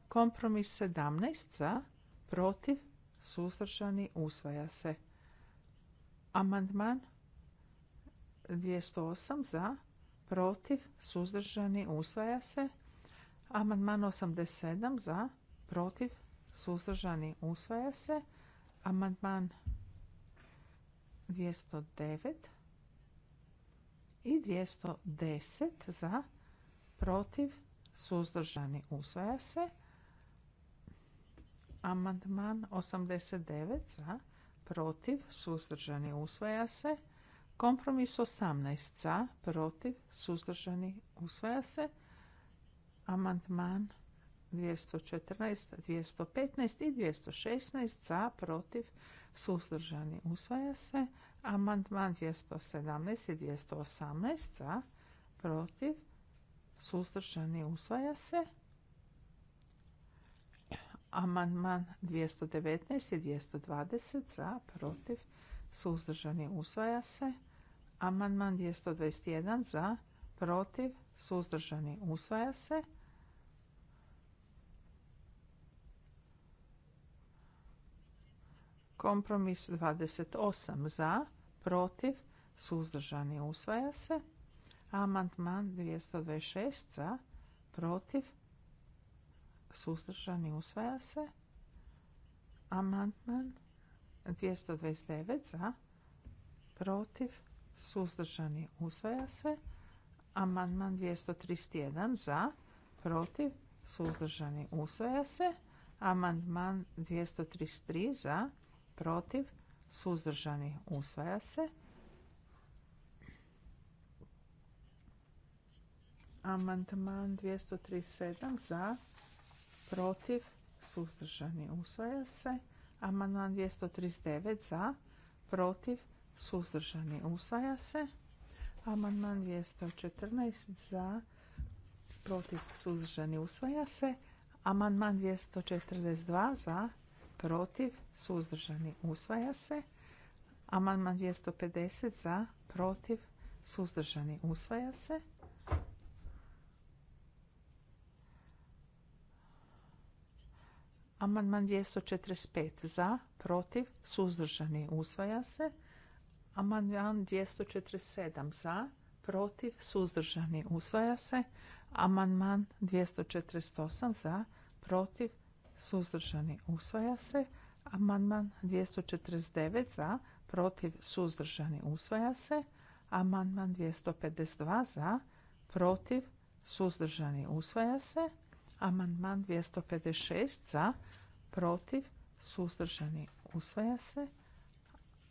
Kompromis 17 za, protiv, suzdržani, usvaja se. Amandman 208 za, protiv, suzdržani, usvaja se. Amandman 87 za, protiv, suzdržani, usvaja se. Amandman 209 i 210 za, protiv, suzdržani, usvaja se. Amandman 89 za, protiv, suzdržani, usvaja se. Kompromis 18 za, protiv, suzdržani, usvaja se. Amandman 214, 215 i 216 za, protiv, suzdržani. Usvaja se amandman 217 i 218 za, protiv, suzdržani. Usvaja se amandman 219 i 220 za, protiv, suzdržani. Usvaja se amandman 221 za, protiv, suzdržani. Usvaja se Kompromis 28 za, protiv, suzdržani usvaja se. Amandman 226 za, protiv, suzdržani usvaja se. Amandman 229 za, protiv, suzdržani usvaja se. Amandman 231 za, protiv, suzdržani usvaja se. Amandman 233 za, protiv, suzdržani, usvaja se. Amandman 237 za, protiv, suzdržani, usvaja se. Amandman 239 za, protiv, suzdržani, usvaja se. Amandman 214 za, protiv, suzdržani, usvaja se. Amandman 242 za, protiv, suzdržani, usvaja se. Amandman 250 za, protiv, suzdržani, usvaja se. Amandman 245 za, protiv, suzdržani, usvaja se. Amandman 247 za, protiv, suzdržani, usvaja se. Amandman 248 za, protiv, suzdržani, usvaja se. Amandman 249 za, protiv, suzdržani, usvaja se. Amandman 252 za, protiv, suzdržani, usvaja se. Amandman 256 za, protiv, suzdržani, usvaja se.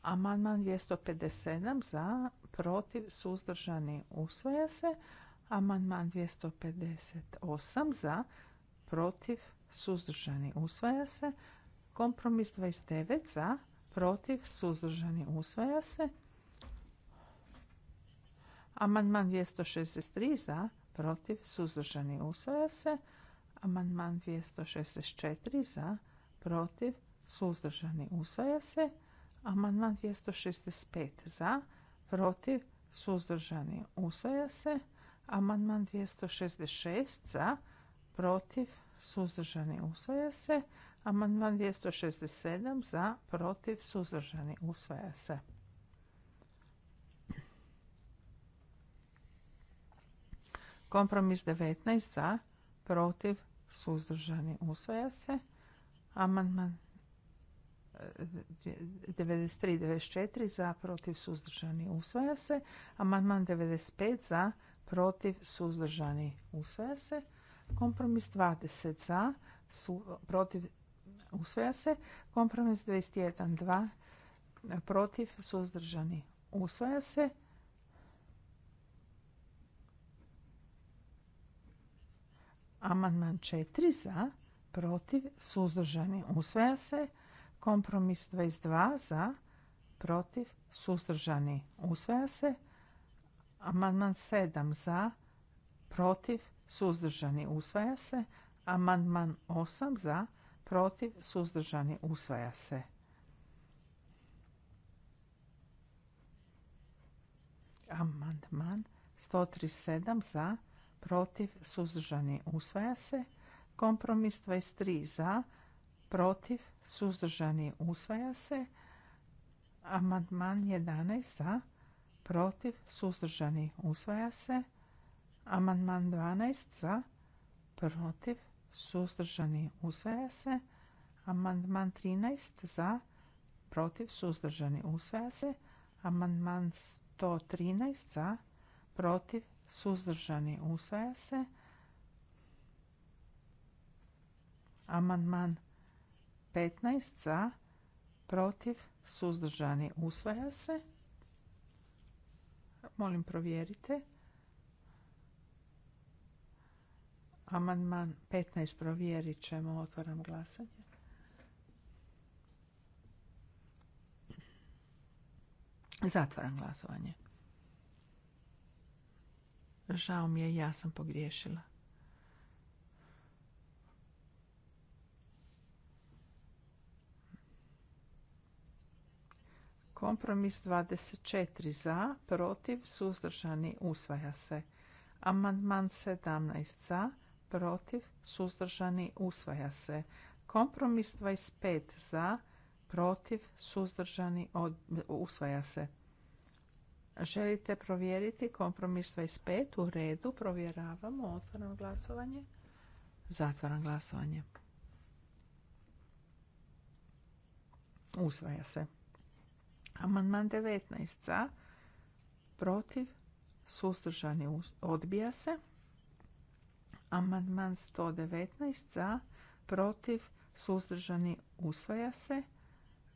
Amandman 257 za, protiv, suzdržani, usvaja se. Amandman 258 za, protiv, suzdržani usvaja se. Kompromis 29 za, protiv, suzdržani usvaja se. Amandman 263 za, protiv, suzdržani usvaja se. Amandman 264 za, protiv, suzdržani usvaja se. Amandman 265 za, protiv, suzdržani usvaja se. Amandman 266 za, protiv, suzdržani usvaja se. Amandman 267 za, protiv, suzdržani usvaja se. Kompromis 19 za, protiv, suzdržani usvaja se. Amandman 93 eh, 94 za, protiv, suzdržani usvaja se. Amandman 95 za, protiv, suzdržani usvaja se. Kompromis 20 za, su, protiv usvaja se. Kompromis 21 2 protiv suzdržani usvaja se. Amandman 4 za, protiv, suzdržani, usvaja se. Kompromis 22 za, protiv, suzdržani, usvaja se. Amandman 7 za, protiv, suzdržani usvaja se. Amandman 8 za, protiv, suzdržani usvaja se. Amandman 137 za, protiv, suzdržani usvaja se. Kompromis 23 za, protiv, suzdržani usvaja se. Amandman 11 za, protiv, suzdržani usvaja se. Amandman 12 za, protiv, suzdržani, usvaja se. Amandman 13 za, protiv, suzdržani, usvaja se. Amandman 113 za, protiv, suzdržani, usvaja se. Amandman 15 za, protiv, suzdržani, usvaja Molim provjerite. Amandman 15 provjerit ćemo. Otvaram glasanje. Zatvaram glasovanje. Žao mi je, ja sam pogriješila. Kompromis 24 za, protiv, suzdržani, usvaja se. Amandman 17 za, protiv, suzdržani, usvaja se. Kompromis 25 za, protiv, suzdržani, usvaja se. Želite provjeriti kompromis 25? U redu, provjeravamo. Otvaram glasovanje. Zatvaram glasovanje. Usvaja se. Amandman 19 za, protiv, suzdržani, odbija se. Amandman 119 za, protiv, suzdržani, usvaja se.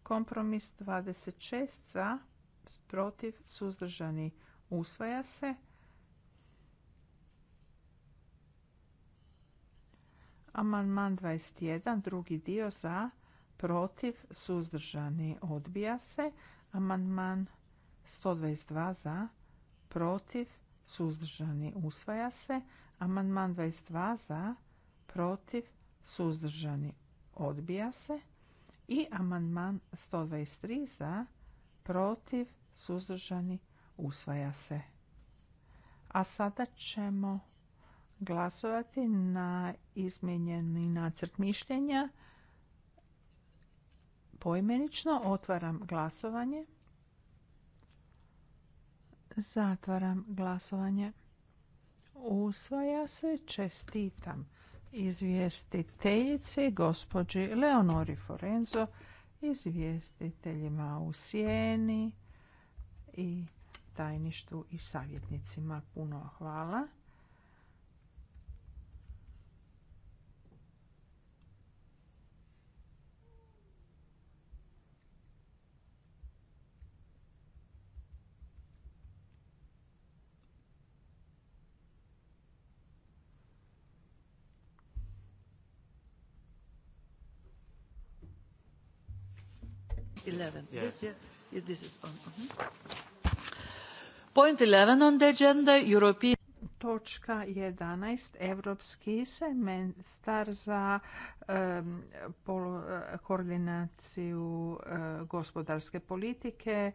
Kompromis 26 za, protiv, suzdržani, usvaja se. Amandman 21, drugi dio za, protiv, suzdržani, odbija se. Amandman 122 za, protiv, suzdržani, usvaja se. Amandman 22 za, protiv, suzdržani, odbija se. I amandman 123 za, protiv, suzdržani, usvaja se. A sada ćemo glasovati na izmijenjeni nacrt mišljenja. Poimenično otvaram glasovanje. Zatvaram glasovanje. Usvaja se. Čestitam izvjestiteljici gospođi Leonori Forenzo, izvjestiteljima u Sjeni i tajništu i savjetnicima. Puno hvala. 11. Yeah. This, year, this is on. Uh-huh. Point 11 on the agenda, European... Točka 11. Evropski semestar za koordinaciju e, gospodarske politike,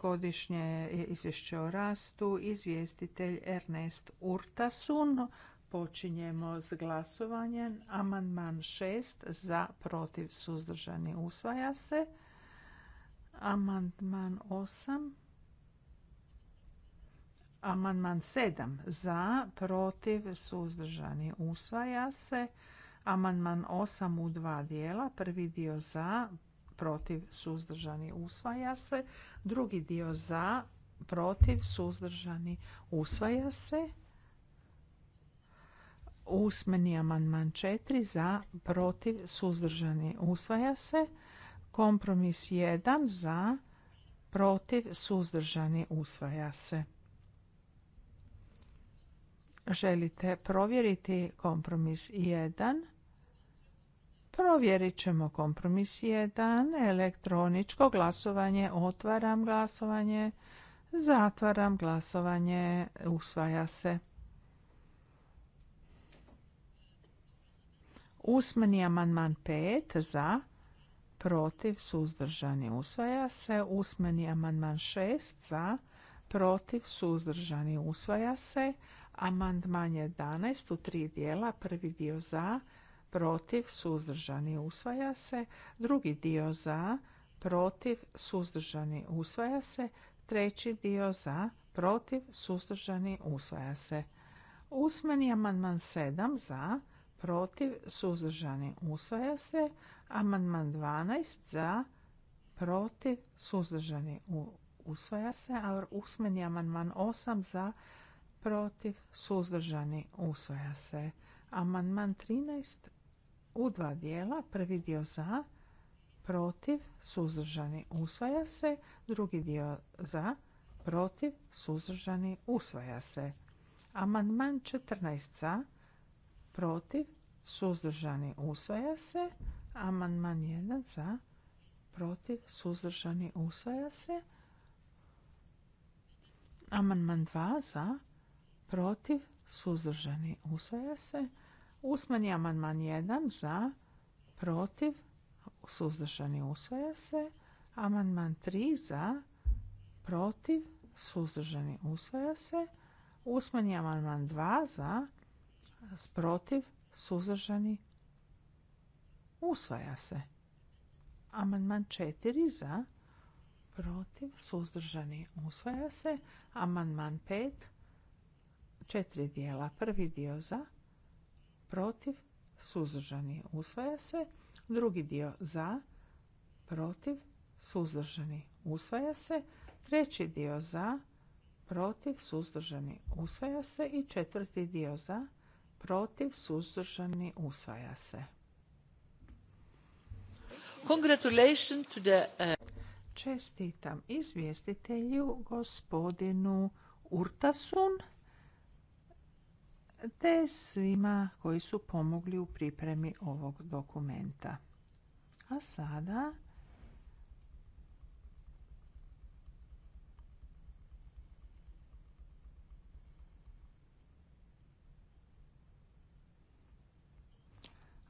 godišnje izvješće o rastu, izvjestitelj Ernest Urtasun. Počinjemo s glasovanjem. Amandman 6 za protiv suzdržani usvaja se. Amandman 8. Amandman 7. Za, protiv, suzdržani. Usvaja se. Amandman 8 u dva dijela. Prvi dio za, protiv, suzdržani. Usvaja se. Drugi dio za, protiv, suzdržani. Usvaja se. Usmeni amandman 4. Za, protiv, suzdržani. Usvaja se. Kompromis 1 za, protiv, suzdržani, usvaja se. Želite provjeriti kompromis 1? Provjerit ćemo kompromis 1, elektroničko glasovanje, otvaram glasovanje, zatvaram glasovanje, usvaja se. Usmeni amandman 5 za, protiv, suzdržani, usvaja se. Usmeni amandman 6 za, protiv, suzdržani, usvaja se. Amandman 11 u tri dijela, prvi dio za, protiv, suzdržani, usvaja se. Drugi dio za, protiv, suzdržani, usvaja se. Treći dio za, protiv, suzdržani, usvaja se. Usmeni amandman 7 za, protiv, suzdržani, usvaja se. Amandman 12 za, protiv, suzdržani, usvaja se. A usmeni amandman 8 za, protiv, suzdržani, usvaja se. Amandman 13 u dva dijela, prvi dio za, protiv, suzdržani, usvaja se. Drugi dio za, protiv, suzdržani, usvaja se. Amandman 14 za, protiv, suzdržani, usvaja se. Amandman 1 za, protiv, suzdržani, usvaja se. Amandman 2 za, protiv, suzdržani, usvaja se. Usmeni amandman 1 za, protiv, suzdržani, usvaja se. Amandman 3 za, protiv, suzdržani, usvaja se. Usmeni amandman 2 za, protiv, suzdržani, usvaja se. Amandman 4 za, protiv, suzdržani, usvaja se. Amandman 5, četiri dijela. Prvi dio za, protiv, suzdržani, usvaja se. Drugi dio za, protiv, suzdržani, usvaja se. Treći dio za, protiv, suzdržani, usvaja se. I četvrti dio za, protiv, suzdržani, usvaja se. Congratulations to uh, Čestitam izvjestitelju gospodinu Urtasun te svima koji su pomogli u pripremi ovog dokumenta. A sada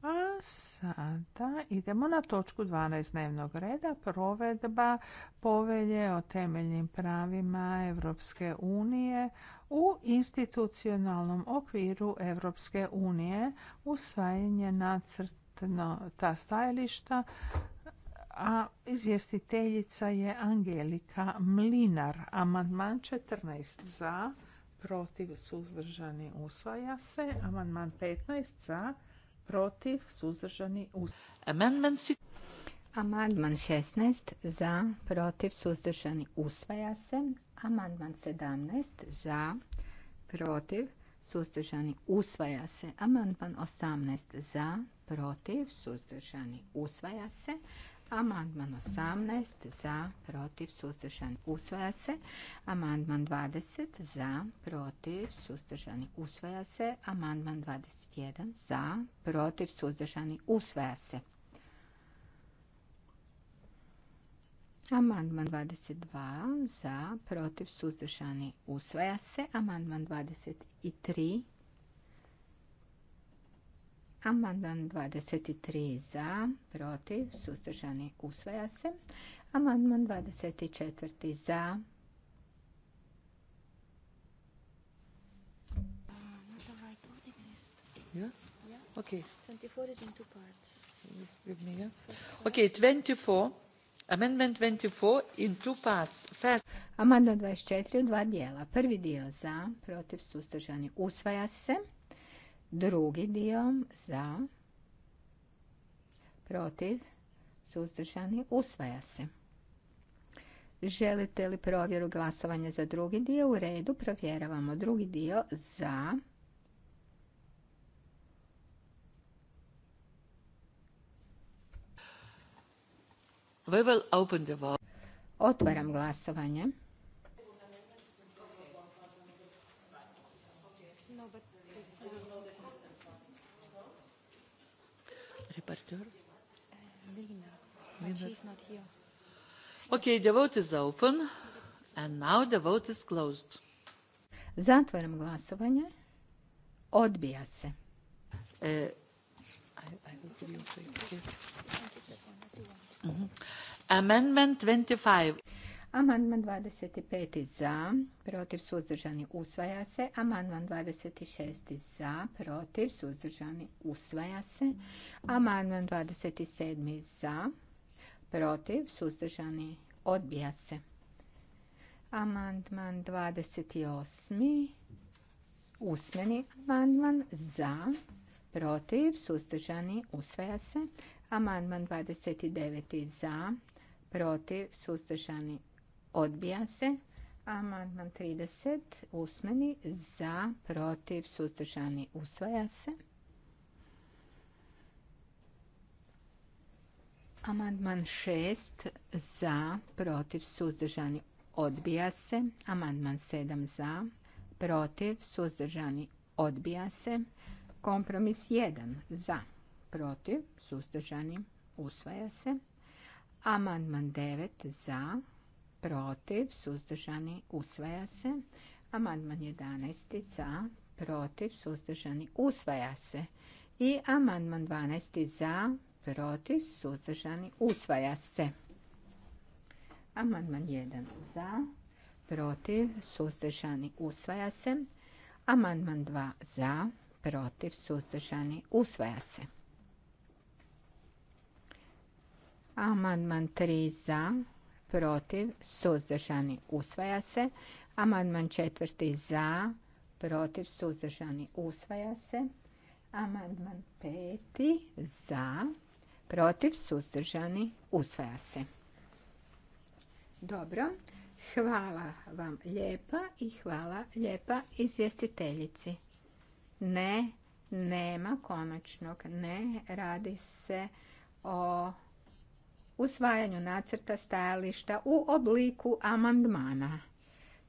A sada idemo na točku 12 dnevnog reda, provedba povelje o temeljnim pravima Europske unije u institucionalnom okviru Europske unije, usvajanje nacrtno ta stajališta, a izvjestiteljica je Angelika Mlinar. Amandman 14 za, protiv suzdržani usvaja se. Amandman 15 za, protiv, suzdržani, usvaja. Amandman 16 za, protiv, suzdržani, usvaja se. Amandman 17 za, protiv, suzdržani, usvaja se. Amandman 18 za, protiv, suzdržani, usvaja se. Amandman 18 za, protiv, sustržan, usvaja se. Amandman 20 za, protiv, sustržan, usvaja se. Amandman 21 za, protiv, suzdržani, usvaja se. Amandman 22 za, protiv, sustržan, usvaja se. Amandman 23 Amandman 23 za, protiv, sustržani, usvaja se. Amandman 24 za. Yeah? 24 in two parts. 24. Amandman 24 u dva dijela. Prvi dio za, protiv, sustražani, usvaja se. Drugi dio za, protiv, suzdržani, usvaja se. Želite li provjeru glasovanja za drugi dio? U redu, provjeravamo drugi dio za. Otvaram glasovanje. rapporteur? Uh, Lina, but she's not here. Okay, the vote is open and now the vote is closed. Zatvaram glasovanje. Odbija se. Uh, I, I will give you a mhm. Amendment 25. Amandman 25. za, protiv suzdržani usvaja se. Amandman 26. za, protiv suzdržani usvaja se. Amandman 27. za, protiv suzdržani odbija se. Amandman 28. usmeni amandman za, protiv suzdržani usvaja se. Amandman 29. za, protiv, suzdržani, Odbija se. Amandman 30. Usmeni. Za. Protiv. Suzdržani. Usvaja se. Amandman 6. Za. Protiv. Suzdržani. Odbija se. Amandman 7. Za. Protiv. Suzdržani. Odbija se. Kompromis 1. Za. Protiv. Suzdržani. Usvaja se. Amandman 9. Za protiv, suzdržani, usvaja se. Amandman 11. za, protiv, suzdržani, usvaja se. I amandman 12. za, protiv, suzdržani, usvaja se. Amandman 1 za, protiv, suzdržani, usvaja se. Amandman 2 za, protiv, suzdržani, usvaja se. Amandman 3 za, protiv, suzdržani, usvaja se. Amandman četvrti za, protiv, suzdržani, usvaja se. Amandman peti za, protiv, suzdržani, usvaja se. Dobro, hvala vam lijepa i hvala lijepa izvjestiteljici. Ne, nema konačnog, ne, radi se o usvajanju nacrta stajališta u obliku amandmana.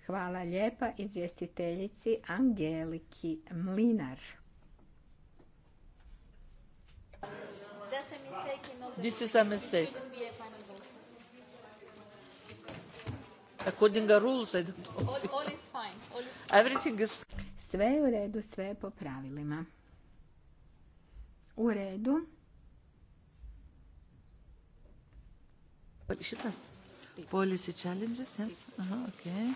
Hvala lijepa izvjestiteljici Angeliki Mlinar. This is a mistake. According rules, I all, is fine. All is Sve je u redu, sve je po pravilima. U redu. Šitas policy challenges, yes? Aha, okay.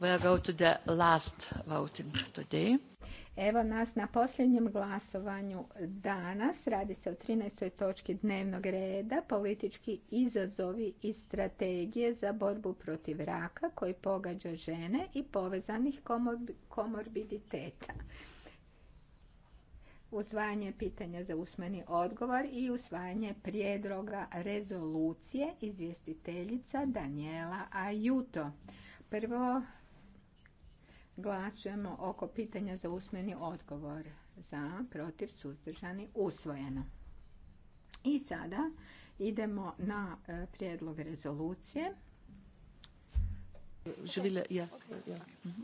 We are go to the last voting today. Evo nas na posljednjem glasovanju danas. Radi se o 13. točki dnevnog reda, politički izazovi i strategije za borbu protiv raka koji pogađa žene i povezanih komorbiditeta. Usvajanje pitanja za usmeni odgovor i usvajanje prijedroga rezolucije izvjestiteljica Daniela Ajuto. Prvo Glasujemo oko pitanja za usmeni odgovor. Za, protiv, suzdržani, usvojeno. I sada idemo na e, prijedlog rezolucije. Mhm.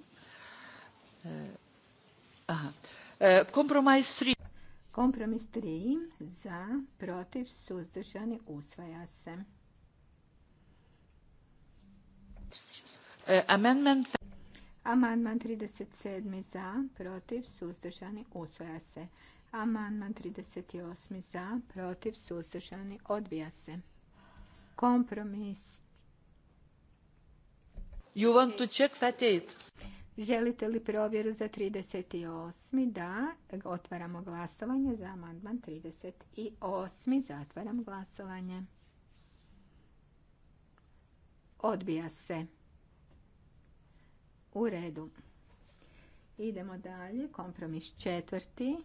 E, e, kompromis tri Kompromis 3. Za, protiv, suzdržani, usvaja se. Amendment Amandman 37. za, protiv, suzdržani, usvoja se. Amandman 38. za, protiv, suzdržani, odbija se. Kompromis. You want to Želite li provjeru za 38. Da, otvaramo glasovanje za amandman 38. Zatvaram glasovanje. Odbija se. U redu. Idemo dalje. Kompromis četvrti.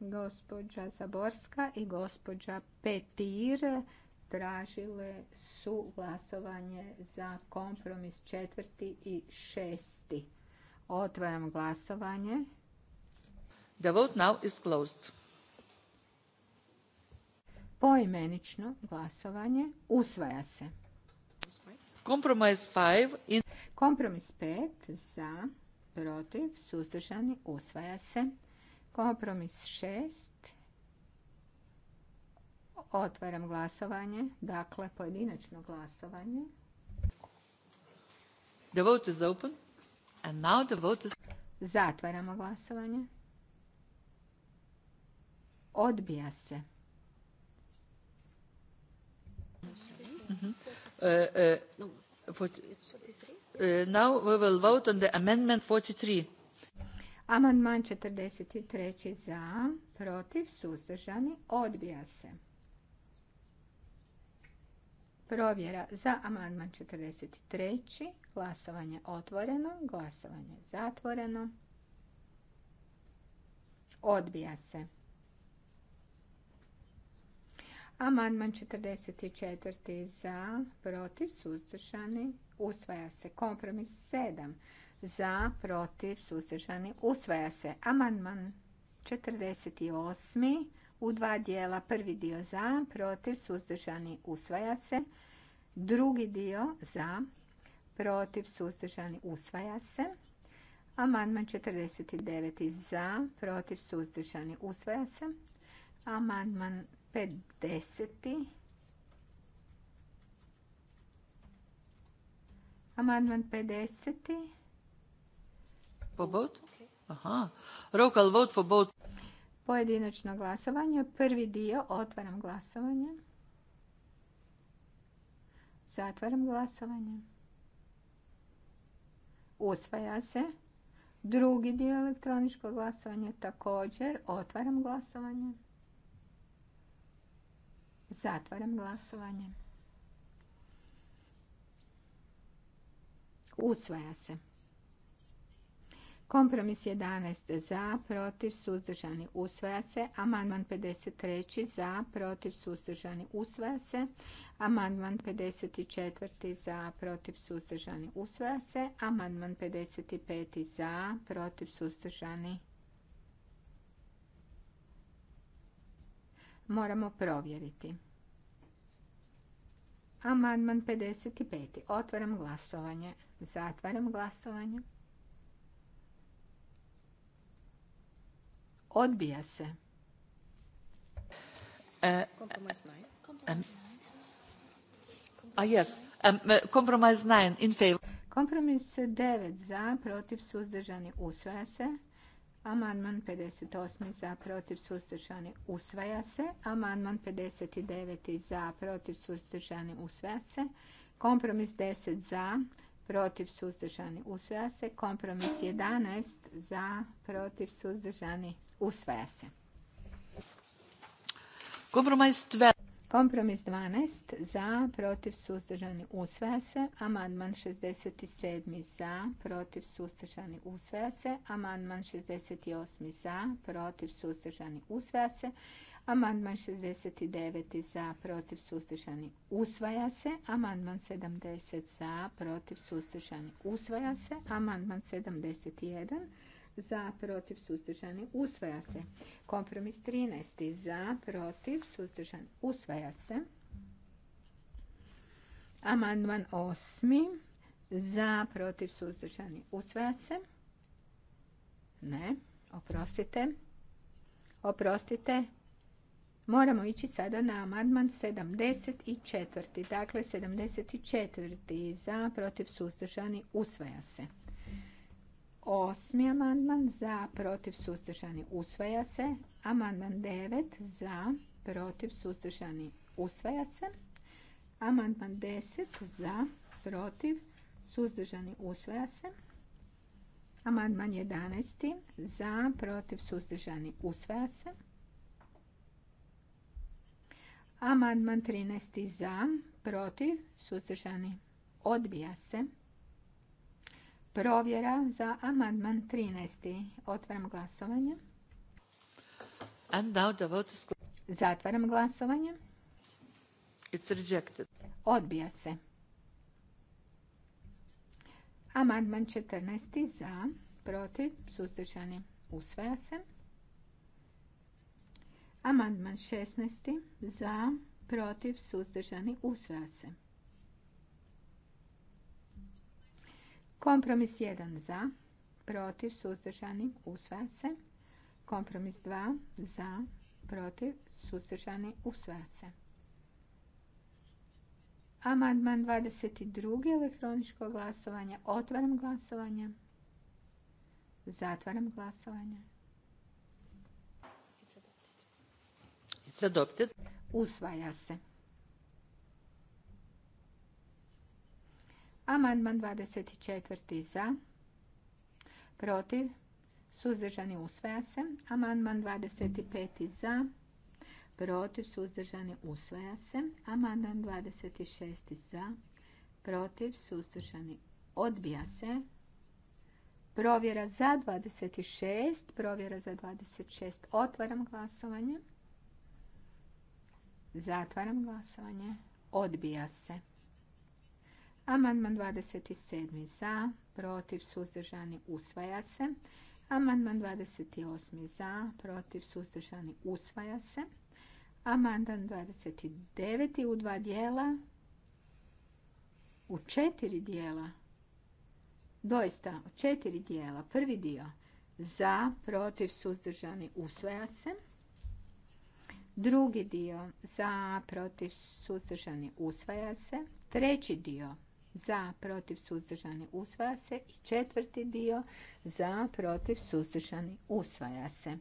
Gospođa Zaborska i gospođa Petir tražile su glasovanje za kompromis četvrti i šesti. Otvaram glasovanje. The vote now is closed. Poimenično glasovanje usvaja se. Kompromis 5 in Kompromis 5 za, protiv, suzdržani, usvaja se. Kompromis 6. Otvaram glasovanje, dakle pojedinačno glasovanje. The vote is open. And now the Zatvaramo glasovanje. Odbija se. Mm-hmm. uh, uh 43. Now we will vote on the amendment 43. Amandman 43. za, protiv, suzdržani, odbija se. Provjera za amandman 43. Glasovanje otvoreno, glasovanje zatvoreno. Odbija se. Amandman 44. za, protiv, suzdržani, usvaja se. Kompromis 7. Za, protiv, suzdržani, usvaja se. Amandman 48. U dva dijela. Prvi dio za, protiv, suzdržani, usvaja se. Drugi dio za, protiv, suzdržani, usvaja se. Amandman 49. za, protiv, suzdržani, usvaja se. Amandman 50. Amandman 50. Po both? Aha. Roll vote for both. Pojedinačno glasovanje. Prvi dio. Otvaram glasovanje. Zatvaram glasovanje. Usvaja se. Drugi dio elektroničkog glasovanja također. Otvaram glasovanje. Zatvaram glasovanje. Usvaja se. Kompromis 11 za, protiv, suzdržani, usvaja se. Amandman 53 za, protiv, suzdržani, usvaja se. Amandman 54 za, protiv, suzdržani, usvaja se. Amandman 55 za, protiv, suzdržani, moramo provjeriti. Amandman 55. Otvaram glasovanje. Zatvaram glasovanje. Odbija se. E, kompromis 9. Kompromis 9 um, uh, za, protiv, suzdržani, usvaja se. Amandman 58. za protiv suzdržani usvaja se. Amandman 59. za protiv suzdržani usvaja se. Kompromis 10 za protiv suzdržani usvaja se. Kompromis 11 za protiv suzdržani usvaja se. Kompromis 12 Kompromis 12 za, protiv suzdržani usvaja se. Amandman 67 za, protiv suzdržani usvaja se. Amandman 68 za, protiv suzdržani usvaja se. Amandman 69 za, protiv suzdržani usvaja se. Amandman 70 za, protiv suzdržani usvaja se. Amandman 71 za, protiv, suzdržani, usvaja se. Kompromis 13. za, protiv, suzdržani, usvaja se. Amandman 8. za, protiv, suzdržani, usvaja se. Ne, oprostite. Oprostite. Moramo ići sada na amandman 74. Dakle, 74. za, protiv, suzdržani, usvaja se. Osmi amandman za, protiv, suzdržani, usvaja se. Amandman 9 za, protiv, suzdržani, usvaja se. Amandman 10 za, protiv, suzdržani, usvaja se. Amandman 11 za, protiv, suzdržani, usvaja se. Amandman 13 za, protiv, suzdržani, odbija se. Provjera za amandman 13. Otvaram glasovanje. Zatvaram glasovanje. It's Odbija se. Amandman 14. za, protiv, suzdržani, usvaja se. Amandman 16. za, protiv, suzdržani, usvaja se. Kompromis 1 za, protiv, suzdržani, usvaja se. Kompromis 2 za, protiv, suzdržani, usvaja se. Amandman 22. elektroničko glasovanje. Otvaram glasovanje. Zatvaram glasovanje. It's Usvaja se. Amandman 24. za. Protiv. Suzdržani usvaja se. Amandman 25. za. Protiv. Suzdržani usvaja se. Amandman 26. za. Protiv. Suzdržani odbija se. Provjera za 26. Provjera za 26. Otvaram glasovanje. Zatvaram glasovanje. Odbija se. Amandman 27. za, protiv, suzdržani, usvaja se. Amandman 28. za, protiv, suzdržani, usvaja se. Amandman 29. u dva dijela, u četiri dijela, doista u četiri dijela, prvi dio, za, protiv, suzdržani, usvaja se. Drugi dio, za, protiv, suzdržani, usvaja se. Treći dio, za, protiv, suzdržani, usvaja se. I četvrti dio za, protiv, suzdržani, usvaja se.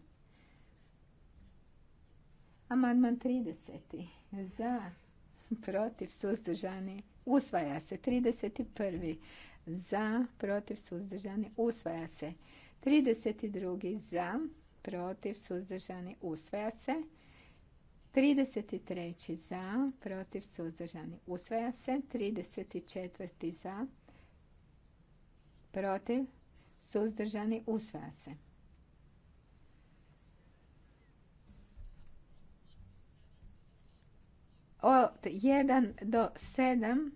Amandman 30. Za, protiv, suzdržani, usvaja se. 31. Za, protiv, suzdržani, usvaja se. 32. Za, protiv, suzdržani, usvaja se. 33. za, protiv suzdržani. Usvaja se 34. za, protiv suzdržani. Usvaja se. Od 1 do 7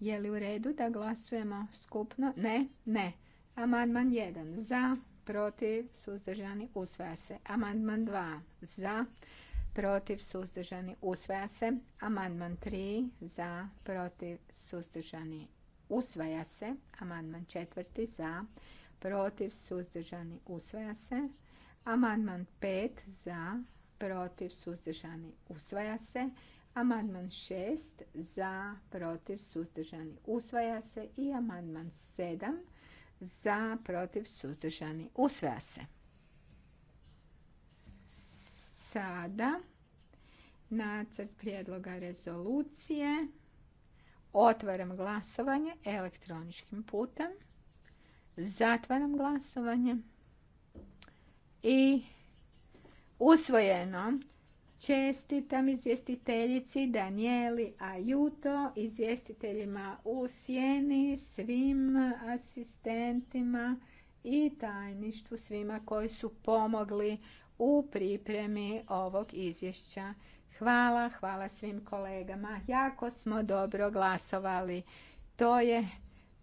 je li u redu da glasujemo skupno? Ne, ne. Amandman 1 za, protiv, suzdržani, usvaja se. Amandman 2 za, protiv, protiv, suzdržani, usvaja se. Amandman 3 za, protiv, suzdržani, usvaja se. Amandman 4 za, protiv, suzdržani, usvaja se. Amandman 5 za, protiv, suzdržani, usvaja se. Amandman 6 za, protiv, suzdržani, usvaja se. I amandman 7 za, protiv, suzdržani, usvaja se sada nacrt prijedloga rezolucije. Otvaram glasovanje elektroničkim putem. Zatvaram glasovanje. I usvojeno. Čestitam izvjestiteljici Danijeli Ajuto, izvjestiteljima u sjeni, svim asistentima i tajništvu, svima koji su pomogli u pripremi ovog izvješća. Hvala, hvala svim kolegama. Jako smo dobro glasovali. To je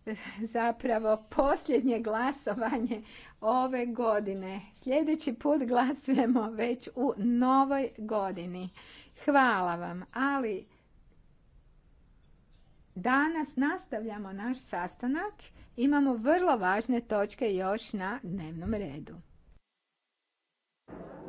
eh, zapravo posljednje glasovanje ove godine. Sljedeći put glasujemo već u novoj godini. Hvala vam, ali danas nastavljamo naš sastanak. Imamo vrlo važne točke još na dnevnom redu. Hvala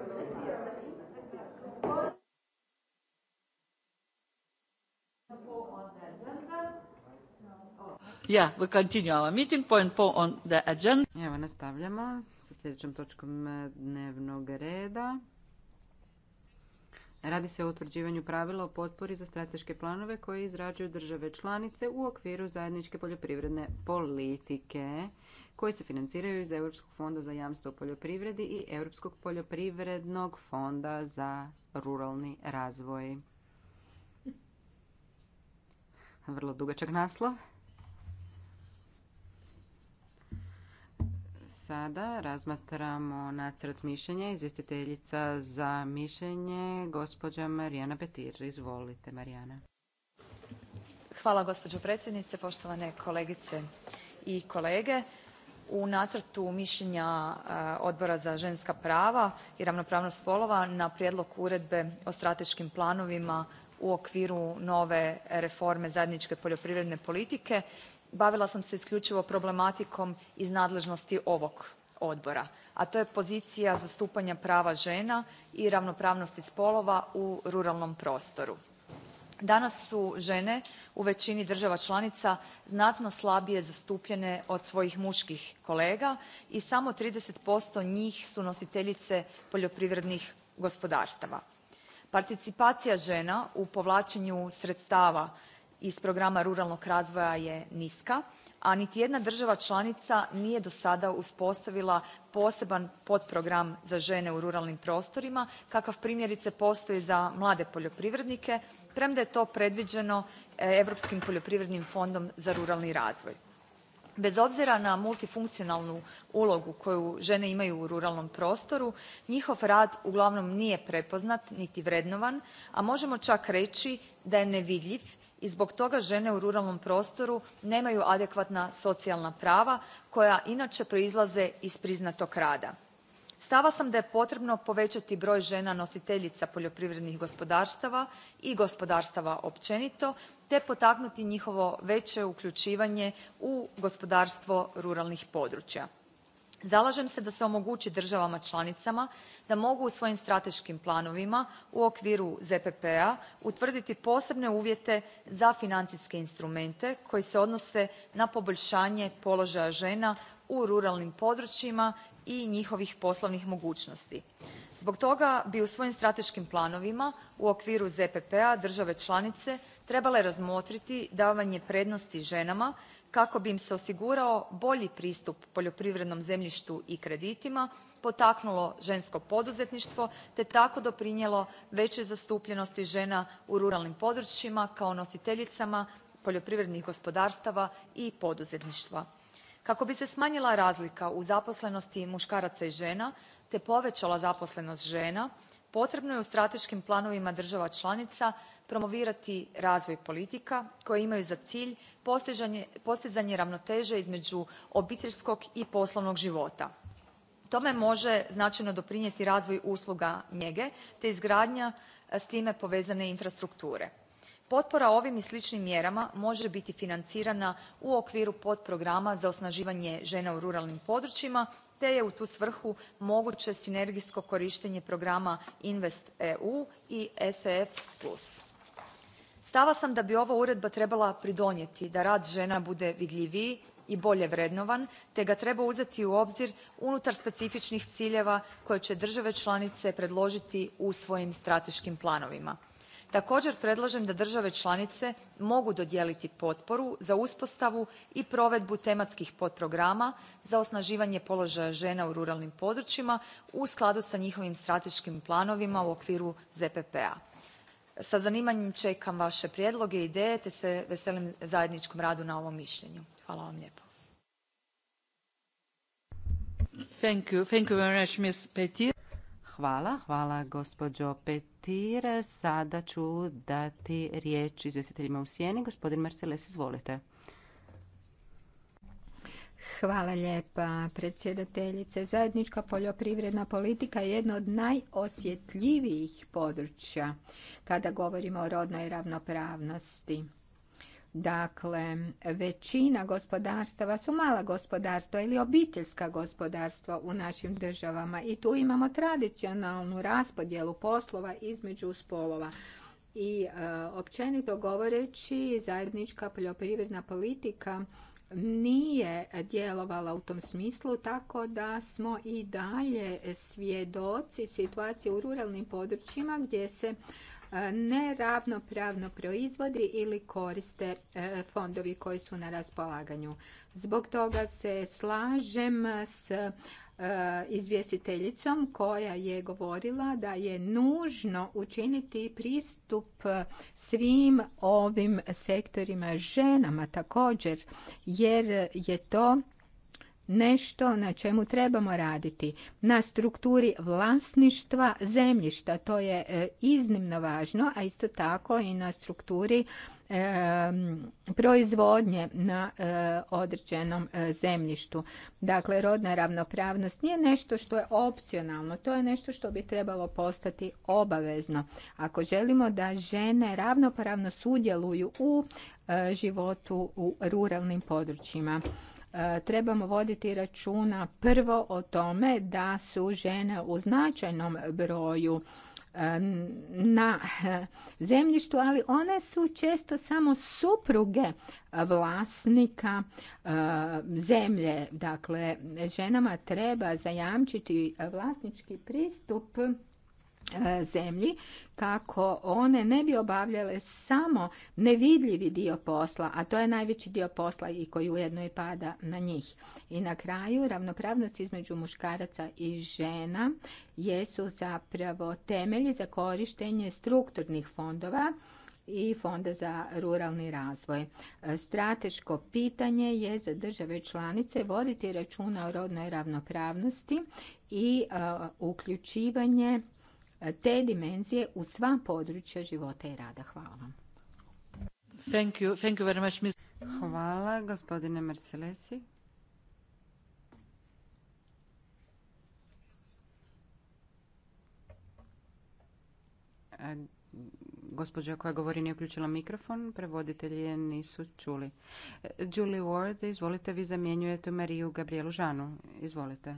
Yeah, we meeting on the Evo nastavljamo sa sljedećom točkom e, dnevnog reda. Radi se o utvrđivanju pravila o potpori za strateške planove koje izrađuju države članice u okviru zajedničke poljoprivredne politike koji se financiraju iz Europskog fonda za jamstvo u poljoprivredi i Europskog poljoprivrednog fonda za ruralni razvoj. Vrlo dugačak naslov. sada razmatramo nacrt mišljenja. Izvjestiteljica za mišljenje, gospođa Marijana Petir. Izvolite, Marijana. Hvala, gospođo predsjednice, poštovane kolegice i kolege. U nacrtu mišljenja eh, Odbora za ženska prava i ravnopravnost spolova na prijedlog uredbe o strateškim planovima u okviru nove reforme zajedničke poljoprivredne politike bavila sam se isključivo problematikom iz nadležnosti ovog odbora a to je pozicija zastupanja prava žena i ravnopravnosti spolova u ruralnom prostoru. danas su žene u većini država članica znatno slabije zastupljene od svojih muških kolega i samo 30% njih su nositeljice poljoprivrednih gospodarstava. participacija žena u povlačenju sredstava iz programa ruralnog razvoja je niska, a niti jedna država članica nije do sada uspostavila poseban potprogram za žene u ruralnim prostorima kakav primjerice postoji za mlade poljoprivrednike premda je to predviđeno e, Europskim poljoprivrednim fondom za ruralni razvoj. Bez obzira na multifunkcionalnu ulogu koju žene imaju u ruralnom prostoru njihov rad uglavnom nije prepoznat niti vrednovan, a možemo čak reći da je nevidljiv i zbog toga žene u ruralnom prostoru nemaju adekvatna socijalna prava koja inače proizlaze iz priznatog rada. Stava sam da je potrebno povećati broj žena nositeljica poljoprivrednih gospodarstava i gospodarstava općenito te potaknuti njihovo veće uključivanje u gospodarstvo ruralnih područja zalažem se da se omogući državama članicama da mogu u svojim strateškim planovima u okviru zpp a p-a utvrditi posebne uvjete za financijske instrumente koji se odnose na poboljšanje položaja žena u ruralnim područjima i njihovih poslovnih mogućnosti. zbog toga bi u svojim strateškim planovima u okviru zpp a p-a države članice trebale razmotriti davanje prednosti ženama kako bi im se osigurao bolji pristup poljoprivrednom zemljištu i kreditima, potaknulo žensko poduzetništvo te tako doprinijelo većoj zastupljenosti žena u ruralnim područjima kao nositeljicama poljoprivrednih gospodarstava i poduzetništva. Kako bi se smanjila razlika u zaposlenosti muškaraca i žena te povećala zaposlenost žena potrebno je u strateškim planovima država članica promovirati razvoj politika koje imaju za cilj postizanje ravnoteže između obiteljskog i poslovnog života. tome može značajno doprinijeti razvoj usluga njege te izgradnja e, s time povezane infrastrukture. potpora ovim i sličnim mjerama može biti financirana u okviru potprograma za osnaživanje žena u ruralnim područjima te je u tu svrhu moguće sinergijsko korištenje programa invest eu i e SF+. stava sam da bi ova uredba trebala pridonijeti da rad žena bude vidljiviji i bolje vrednovan te ga treba uzeti u obzir unutar specifičnih ciljeva koje će države članice predložiti u svojim strateškim planovima također predlažem da države članice mogu dodijeliti potporu za uspostavu i provedbu tematskih potprograma za osnaživanje položaja žena u ruralnim područjima u skladu sa njihovim strateškim planovima u okviru zpp a. P-a. sa zanimanjem čekam vaše prijedloge i ideje te se veselim zajedničkom radu na ovom mišljenju. hvala vam lijepo. Hvala, hvala gospođo Petir. Sada ću dati riječ izvjestiteljima u sjeni. Gospodin Marceles, izvolite. Hvala lijepa predsjedateljice. Zajednička poljoprivredna politika je jedna od najosjetljivijih područja kada govorimo o rodnoj ravnopravnosti. Dakle, većina gospodarstava su mala gospodarstva ili obiteljska gospodarstva u našim državama i tu imamo tradicionalnu raspodjelu poslova između spolova. I e, općenito govoreći, zajednička poljoprivredna politika nije djelovala u tom smislu, tako da smo i dalje svjedoci situacije u ruralnim područjima gdje se E, neravnopravno proizvodi ili koriste e, fondovi koji su na raspolaganju. Zbog toga se slažem s e, izvjestiteljicom koja je govorila da je nužno učiniti pristup svim ovim sektorima ženama također jer je to nešto na čemu trebamo raditi. Na strukturi vlasništva zemljišta, to je e, iznimno važno, a isto tako i na strukturi e, proizvodnje na e, određenom zemljištu. Dakle, rodna ravnopravnost nije nešto što je opcionalno, to je nešto što bi trebalo postati obavezno. Ako želimo da žene ravnopravno sudjeluju u životu u ruralnim područjima. E, trebamo voditi računa prvo o tome da su žene u značajnom broju e, na zemljištu, ali one su često samo supruge vlasnika e, zemlje. Dakle, ženama treba zajamčiti vlasnički pristup E, zemlji kako one ne bi obavljale samo nevidljivi dio posla, a to je najveći dio posla i koji ujedno i pada na njih. I na kraju ravnopravnost između muškaraca i žena jesu zapravo temelji za korištenje strukturnih fondova i Fonda za ruralni razvoj. Strateško pitanje je za države članice voditi računa o rodnoj ravnopravnosti i e, uključivanje te dimenzije u sva područja života i rada. Hvala vam. Thank you. Thank you very much, Ms. Hvala, gospodine Marcelesi. Gospođa koja govori nije uključila mikrofon, prevoditelji je nisu čuli. E, Julie Ward, izvolite, vi zamjenjujete Mariju Gabrielu Žanu. Izvolite.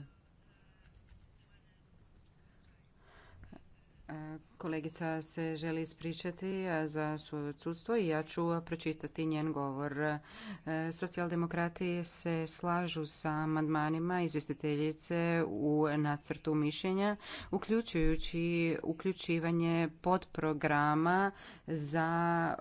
a e, Kolegica se želi ispričati za svoje odsudstvo i ja ću pročitati njen govor. E, socijaldemokrati se slažu sa amandmanima izvjestiteljice u nacrtu mišljenja, uključujući uključivanje podprograma za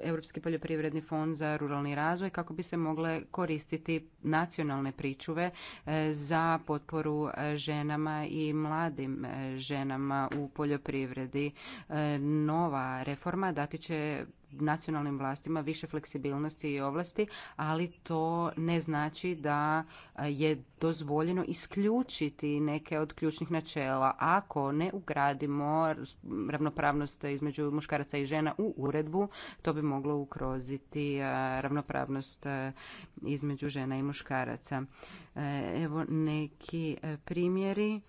e, Europski poljoprivredni fond za ruralni razvoj kako bi se mogle koristiti nacionalne pričuve e, za potporu ženama i mladim ženama u poljoprivredi E, nova reforma dati će nacionalnim vlastima više fleksibilnosti i ovlasti, ali to ne znači da e, je dozvoljeno isključiti neke od ključnih načela. Ako ne ugradimo ravnopravnost između muškaraca i žena u uredbu, to bi moglo ukroziti e, ravnopravnost između žena i muškaraca. Evo neki primjeri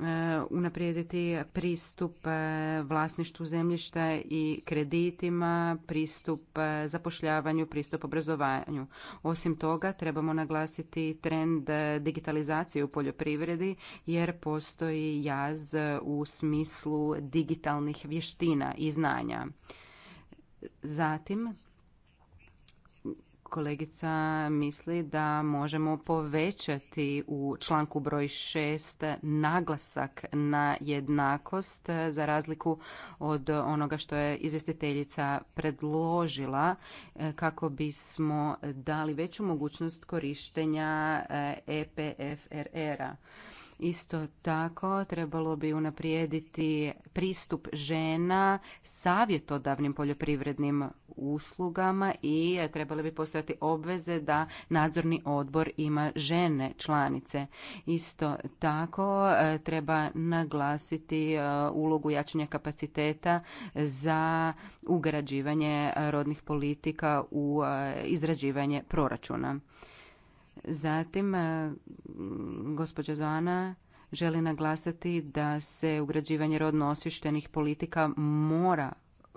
E, unaprijediti pristup e, vlasništvu zemljišta i kreditima, pristup e, zapošljavanju, pristup obrazovanju. Osim toga, trebamo naglasiti trend digitalizacije u poljoprivredi jer postoji jaz u smislu digitalnih vještina i znanja. Zatim, kolegica misli da možemo povećati u članku broj 6 naglasak na jednakost za razliku od onoga što je izvjestiteljica predložila e, kako bismo dali veću mogućnost korištenja EPFRR-a. E Isto tako trebalo bi unaprijediti pristup žena savjetodavnim poljoprivrednim uslugama i trebale bi postojati obveze da nadzorni odbor ima žene članice. Isto tako e, treba naglasiti e, ulogu jačanja kapaciteta za ugrađivanje rodnih politika u e, izrađivanje proračuna. Zatim, e, gospođa Zoana želi naglasiti da se ugrađivanje rodno osvištenih politika mora e,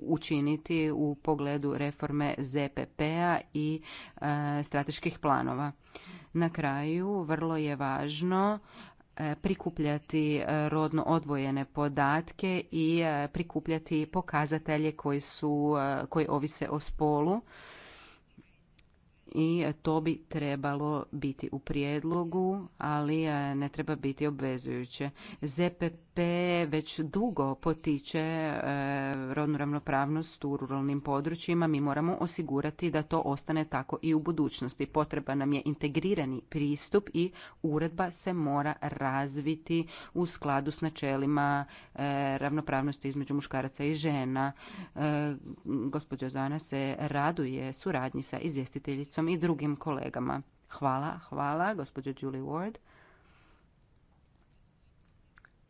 učiniti u pogledu reforme ZPP-a i e, strateških planova. Na kraju, vrlo je važno prikupljati rodno odvojene podatke i prikupljati pokazatelje koji, su, koji ovise o spolu i to bi trebalo biti u prijedlogu, ali e, ne treba biti obvezujuće. ZPP već dugo potiče e, rodnu ravnopravnost u ruralnim područjima. Mi moramo osigurati da to ostane tako i u budućnosti. Potreba nam je integrirani pristup i uredba se mora razviti u skladu s načelima e, ravnopravnosti između muškaraca i žena. Gospođa Zana se raduje suradnji sa izvjestiteljicom i drugim kolegama. Hvala, hvala, gospođo Julie Ward.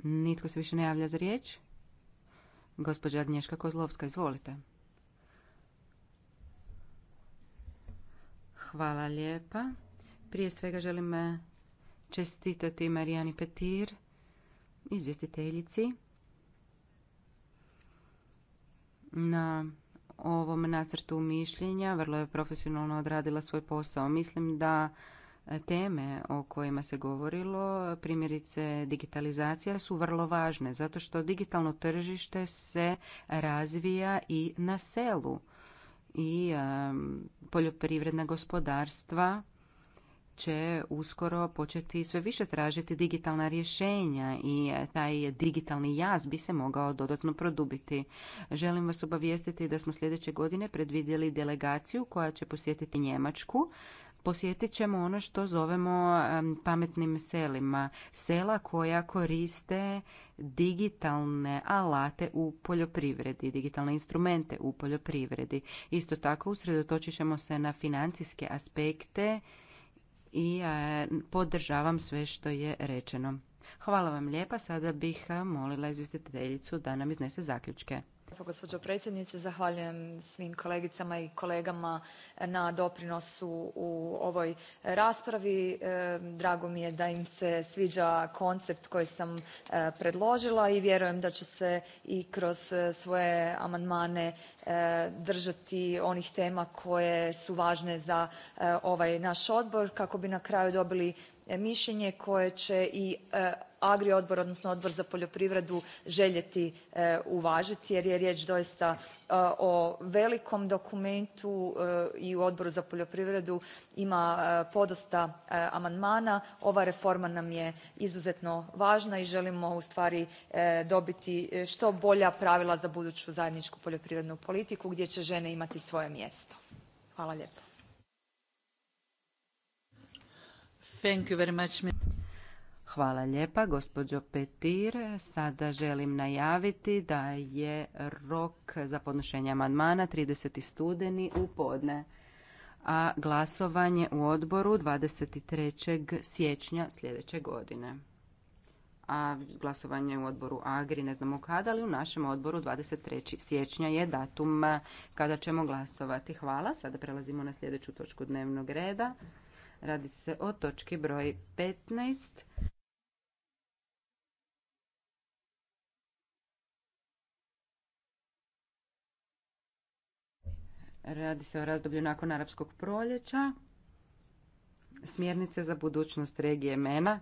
Nitko se više ne javlja za riječ. Gospođa Agnješka Kozlovska, izvolite. Hvala lijepa. Prije svega želim eh, čestitati Marijani Petir, izvjestiteljici, na ovom nacrtu mišljenja, vrlo je profesionalno odradila svoj posao. Mislim da teme o kojima se govorilo, primjerice digitalizacija, su vrlo važne, zato što digitalno tržište se razvija i na selu i poljoprivredna gospodarstva će uskoro početi sve više tražiti digitalna rješenja i e, taj digitalni jaz bi se mogao dodatno produbiti. Želim vas obavijestiti da smo sljedeće godine predvidjeli delegaciju koja će posjetiti Njemačku posjetit ćemo ono što zovemo pametnim selima. Sela koja koriste digitalne alate u poljoprivredi, digitalne instrumente u poljoprivredi. Isto tako usredotočit ćemo se na financijske aspekte i e, podržavam sve što je rečeno. Hvala vam lijepa, sada bih e, molila izvjestiteljicu da nam iznese zaključke lijepo gospođo predsjednice. Zahvaljujem svim kolegicama i kolegama na doprinosu u ovoj raspravi. E, drago mi je da im se sviđa koncept koji sam e, predložila i vjerujem da će se i kroz e, svoje amandmane držati onih tema koje su važne za ovaj naš odbor kako bi na kraju dobili E, mišljenje koje će i e, agri odbor odnosno odbor za poljoprivredu željeti e, uvažiti jer je riječ doista o velikom dokumentu i u odboru za poljoprivredu ima podosta amandmana. ova reforma nam je izuzetno važna i želimo ustvari dobiti što bolja pravila za buduću zajedničku poljoprivrednu politiku gdje će žene imati svoje mjesto. hvala lijepo. Hvala lijepa, gospođo Petir. Sada želim najaviti da je rok za podnošenje amandmana 30. studeni u podne, a glasovanje u odboru 23. siječnja sljedeće godine. A glasovanje u odboru Agri ne znamo kada, ali u našem odboru 23. siječnja je datum kada ćemo glasovati. Hvala. Sada prelazimo na sljedeću točku dnevnog reda. Radi se o točki broj 15. Radi se o razdoblju nakon arapskog proljeća. Smjernice za budućnost regije MENA.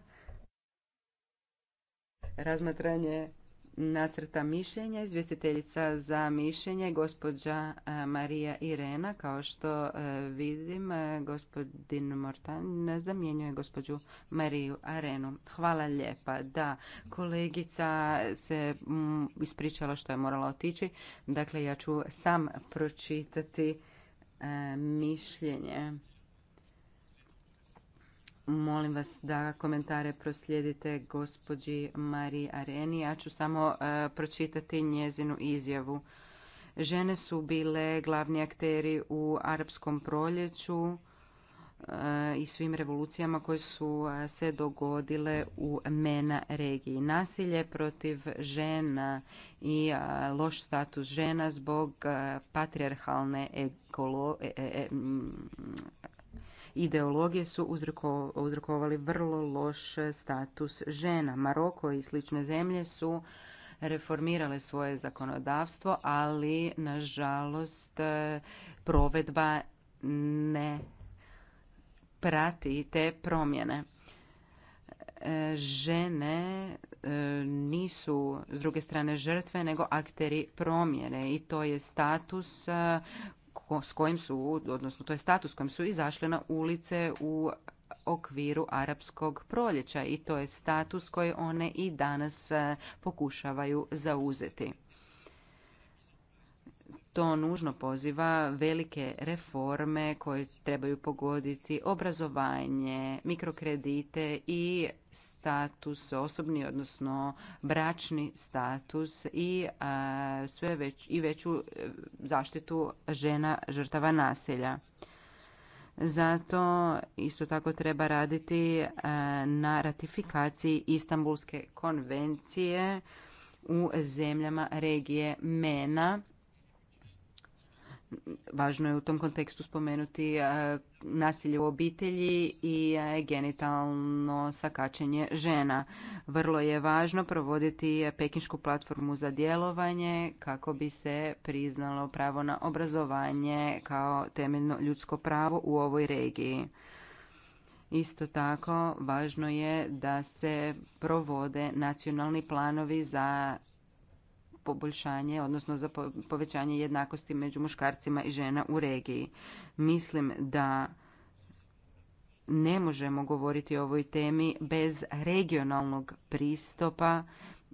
Razmatranje nacrta mišljenja, izvjestiteljica za mišljenje, gospođa e, Marija Irena, kao što e, vidim, e, gospodin Mortan zamjenjuje gospođu Mariju Arenu. Hvala lijepa. Da, kolegica se mm, ispričala što je morala otići, dakle ja ću sam pročitati mišljenje. Molim vas da komentare proslijedite gospođi Mariji Areni. Ja ću samo e, pročitati njezinu izjavu. Žene su bile glavni akteri u arapskom proljeću e, i svim revolucijama koje su e, se dogodile u MENA regiji. Nasilje protiv žena i loš status žena zbog patriarhalne ekolo, e, ideologije su uzrokovali vrlo loš status žena. Maroko i slične zemlje su reformirale svoje zakonodavstvo, ali nažalost provedba ne prati te promjene. Žene e, nisu s druge strane žrtve, nego akteri promjene i to je status s kojim su, odnosno to je status kojim su izašle na ulice u okviru arapskog proljeća i to je status koji one i danas eh, pokušavaju zauzeti to nužno poziva velike reforme koje trebaju pogoditi obrazovanje, mikrokredite i status osobni odnosno bračni status i sve već i veću e, zaštitu žena žrtava naselja. Zato isto tako treba raditi na ratifikaciji Istanbulske konvencije u zemljama regije MENA važno je u tom kontekstu spomenuti e, nasilje u obitelji i e, genitalno sakačenje žena. Vrlo je važno provoditi pekinšku platformu za djelovanje kako bi se priznalo pravo na obrazovanje kao temeljno ljudsko pravo u ovoj regiji. Isto tako, važno je da se provode nacionalni planovi za poboljšanje, odnosno za povećanje jednakosti među muškarcima i žena u regiji. Mislim da ne možemo govoriti o ovoj temi bez regionalnog pristupa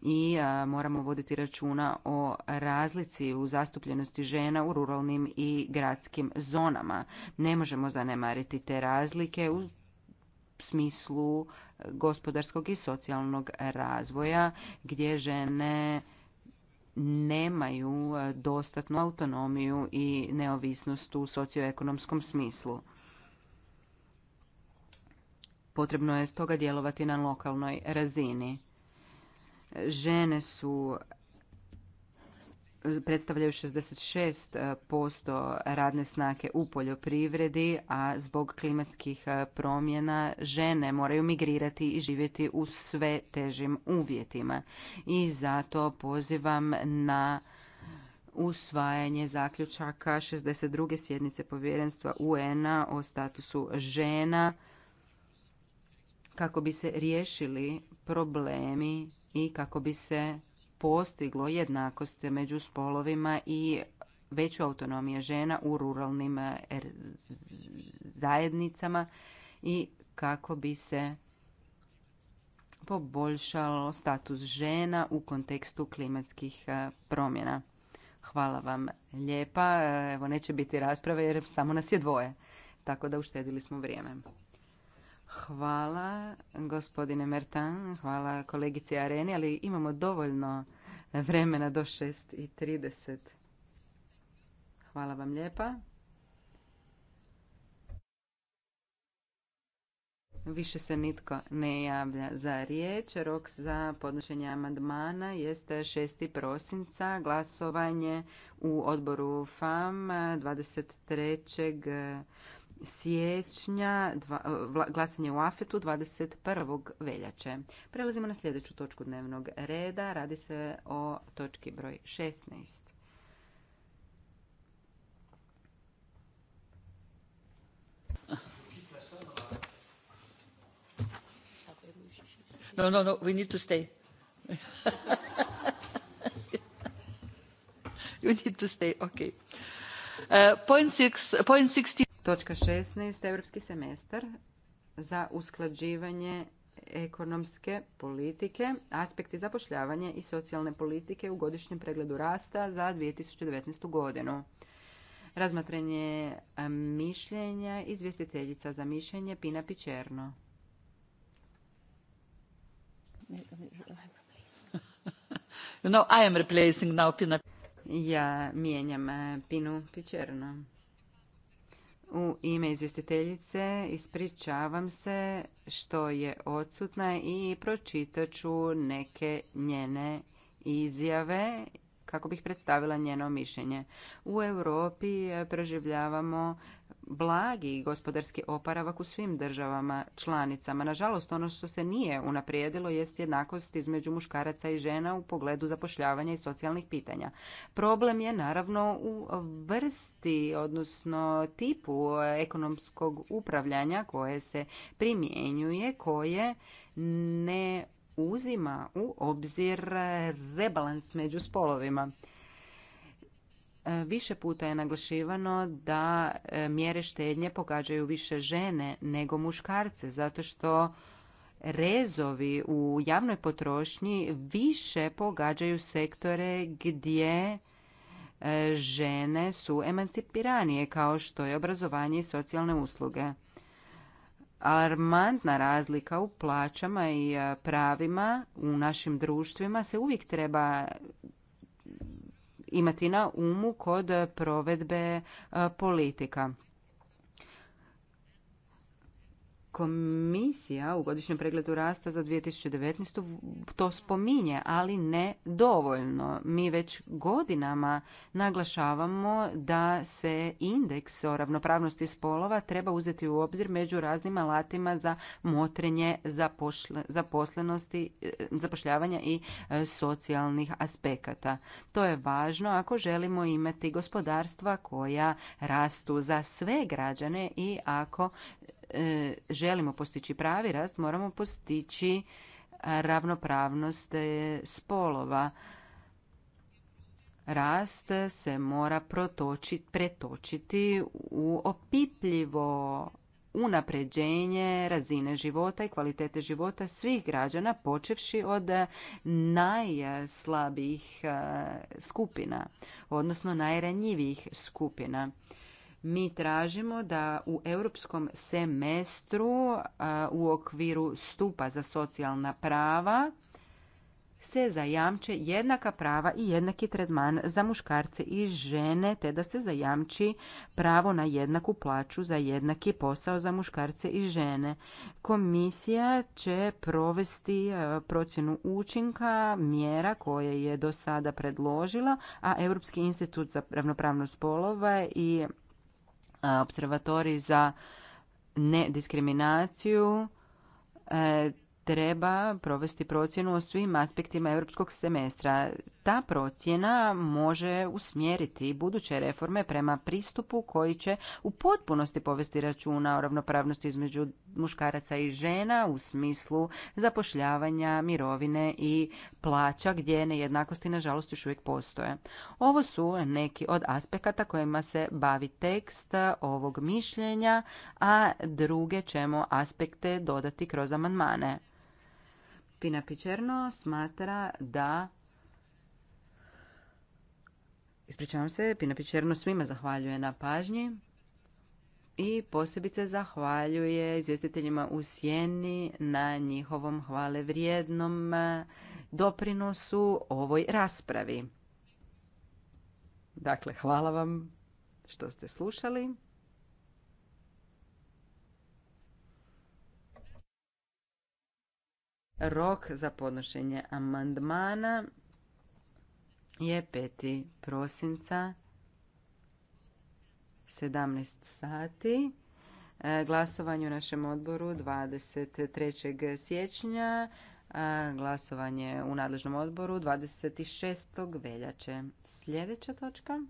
i moramo voditi računa o razlici u zastupljenosti žena u ruralnim i gradskim zonama. Ne možemo zanemariti te razlike u smislu gospodarskog i socijalnog razvoja gdje žene nemaju e, dostatnu autonomiju i neovisnost u socioekonomskom smislu. Potrebno je stoga djelovati na lokalnoj razini. Žene su predstavljaju 66% e, radne snage u poljoprivredi, a zbog klimatskih e, promjena žene moraju migrirati i živjeti u sve težim uvjetima. I zato pozivam na usvajanje zaključaka 62. sjednice povjerenstva UN-a o statusu žena kako bi se riješili problemi i kako bi se postiglo jednakost među spolovima i veću autonomiju žena u ruralnim eh, zajednicama i kako bi se poboljšalo status žena u kontekstu klimatskih eh, promjena. Hvala vam lijepa. Evo, neće biti rasprave jer samo nas je dvoje, tako da uštedili smo vrijeme. Hvala gospodine Mertan, hvala kolegici Areni, ali imamo dovoljno vremena do 6.30. Hvala vam lijepa. Više se nitko ne javlja za riječ. Rok za podnošenje amandmana jeste 6. prosinca. Glasovanje u odboru FAM 23 siječnja, e, glasanje u Afetu 21. veljače. Prelazimo na sljedeću točku dnevnog reda. Radi se o točki broj 16. No, no, no, we need to stay. you (laughs) need to stay, okay. Uh, point, six, point Točka 16. Europski semestar za usklađivanje ekonomske politike, aspekti zapošljavanja i socijalne politike u godišnjem pregledu rasta za 2019. godinu. Razmatranje e, mišljenja, izvjestiteljica za mišljenje Pina Pičerno. (laughs) I am replacing Pina. Ja mijenjam e, Pinu Pičerno u ime izvjestiteljice ispričavam se što je odsutna i pročitaću neke njene izjave kako bih predstavila njeno mišljenje. U Europi e, preživljavamo blagi gospodarski oporavak u svim državama članicama. Nažalost, ono što se nije unaprijedilo jest jednakost između muškaraca i žena u pogledu zapošljavanja i socijalnih pitanja. Problem je naravno u vrsti, odnosno tipu ekonomskog upravljanja koje se primjenjuje, koje ne uzima u obzir rebalans među spolovima. E, više puta je naglašivano da e, mjere štednje pogađaju više žene nego muškarce, zato što rezovi u javnoj potrošnji više pogađaju sektore gdje e, žene su emancipiranije, kao što je obrazovanje i socijalne usluge alarmantna razlika u plaćama i e, pravima u našim društvima se uvijek treba imati na umu kod provedbe e, politika. Komisija u godišnjem pregledu rasta za 2019. to spominje, ali ne dovoljno. Mi već godinama naglašavamo da se indeks o ravnopravnosti spolova treba uzeti u obzir među raznim alatima za motrenje zaposlenosti, eh, zapošljavanja i eh, socijalnih aspekata. To je važno ako želimo imati gospodarstva koja rastu za sve građane i ako E, želimo postići pravi rast, moramo postići e, ravnopravnost e, spolova. Rast se mora pretočiti u opipljivo unapređenje razine života i kvalitete života svih građana, počevši od najslabijih skupina, odnosno najranjivijih skupina mi tražimo da u europskom semestru u okviru stupa za socijalna prava se zajamče jednaka prava i jednaki tretman za muškarce i žene, te da se zajamči pravo na jednaku plaću za jednaki posao za muškarce i žene. Komisija će provesti procjenu učinka mjera koje je do sada predložila, a Europski institut za ravnopravnost spolova i observatorij za nediskriminaciju e, treba provesti procjenu o svim aspektima europskog semestra ta procjena može usmjeriti buduće reforme prema pristupu koji će u potpunosti povesti računa o ravnopravnosti između muškaraca i žena u smislu zapošljavanja, mirovine i plaća gdje nejednakosti nažalost još uvijek postoje. Ovo su neki od aspekata kojima se bavi tekst ovog mišljenja, a druge ćemo aspekte dodati kroz amandmane. Pina Pičerno smatra da Ispričavam se, Pina Pičerno svima zahvaljuje na pažnji i posebice zahvaljuje izvjestiteljima u Sjeni na njihovom hvale vrijednom e, doprinosu ovoj raspravi. Dakle, hvala vam što ste slušali. Rok za podnošenje amandmana je 5. prosinca 17 sati. E, glasovanje u našem odboru 23. siječnja, glasovanje u nadležnom odboru 26. veljače. Sljedeća točka.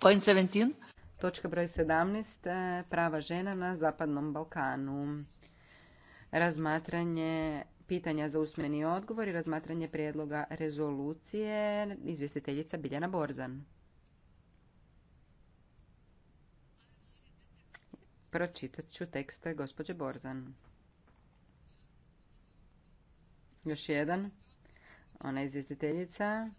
Point 17. Točka broj 17. E, prava žena na Zapadnom Balkanu. Razmatranje pitanja za usmeni odgovor i razmatranje prijedloga rezolucije izvjestiteljica Biljana Borzan. Pročitat ću tekste gospođe Borzan. Još jedan. Ona izvjestiteljica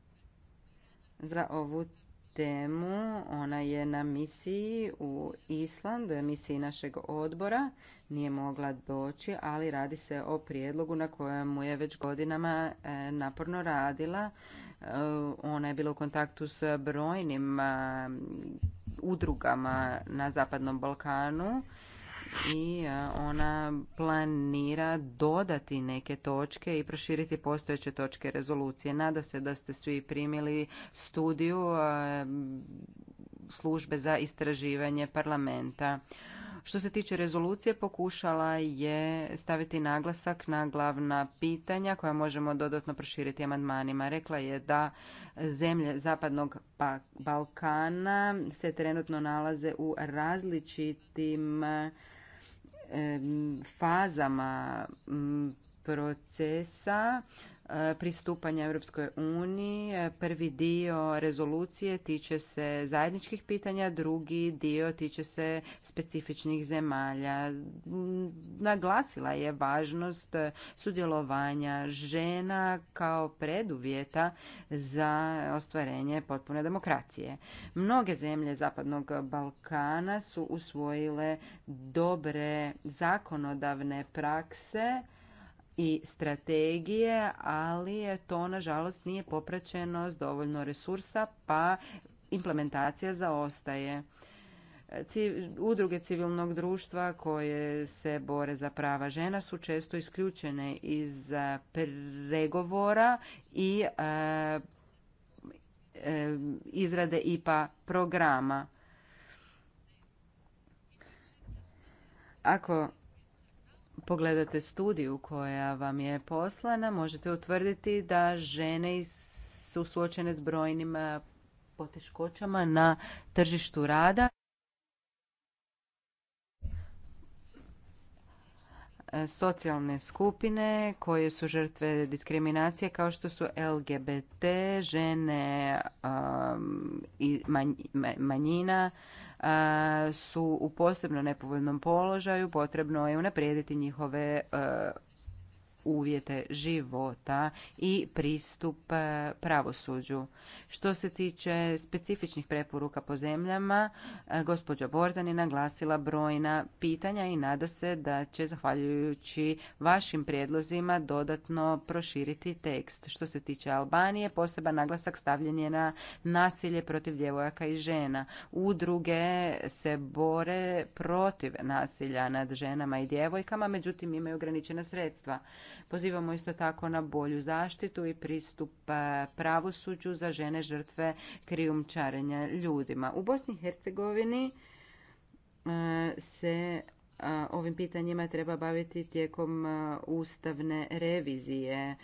za ovu temu. Ona je na misiji u Island, misiji našeg odbora. Nije mogla doći, ali radi se o prijedlogu na kojemu je već godinama e, naporno radila. E, ona je bila u kontaktu s brojnim udrugama na Zapadnom Balkanu i e, ona planira dodati neke točke i proširiti postojeće točke rezolucije. Nada se da ste svi primili studiju e, službe za istraživanje parlamenta. Što se tiče rezolucije, pokušala je staviti naglasak na glavna pitanja koja možemo dodatno proširiti amandmanima. Rekla je da zemlje Zapadnog pa-, Balkana se trenutno nalaze u različitim fazama procesa E, pristupanja Europskoj uniji. E, prvi dio rezolucije tiče se zajedničkih pitanja, drugi dio tiče se specifičnih zemalja. Naglasila je važnost sudjelovanja žena kao preduvjeta za ostvarenje potpune demokracije. Mnoge zemlje Zapadnog Balkana su usvojile dobre zakonodavne prakse i strategije, ali to nažalost nije popraćeno s dovoljno resursa, pa implementacija zaostaje. Udruge civilnog društva koje se bore za prava žena su često isključene iz e, pregovora i e, e, izrade IPA programa. Ako pogledate studiju koja vam je poslana, možete utvrditi da žene su suočene s brojnim e, poteškoćama na tržištu rada. E, socijalne skupine koje su žrtve diskriminacije kao što su LGBT, žene manjina, E, su u posebno nepovoljnom položaju, potrebno je unaprijediti njihove e, uvjete života i pristup e, pravosuđu. Što se tiče specifičnih preporuka po zemljama, e, gospođa Borzan je naglasila brojna pitanja i nada se da će, zahvaljujući vašim prijedlozima, dodatno proširiti tekst. Što se tiče Albanije, poseban naglasak stavljen je na nasilje protiv djevojaka i žena. Udruge se bore protiv nasilja nad ženama i djevojkama, međutim imaju ograničena sredstva. Pozivamo isto tako na bolju zaštitu i pristup e, pravosuđu za žene žrtve krijumčarenja ljudima. U Bosni i Hercegovini e, se ovim pitanjima treba baviti tijekom ustavne revizije.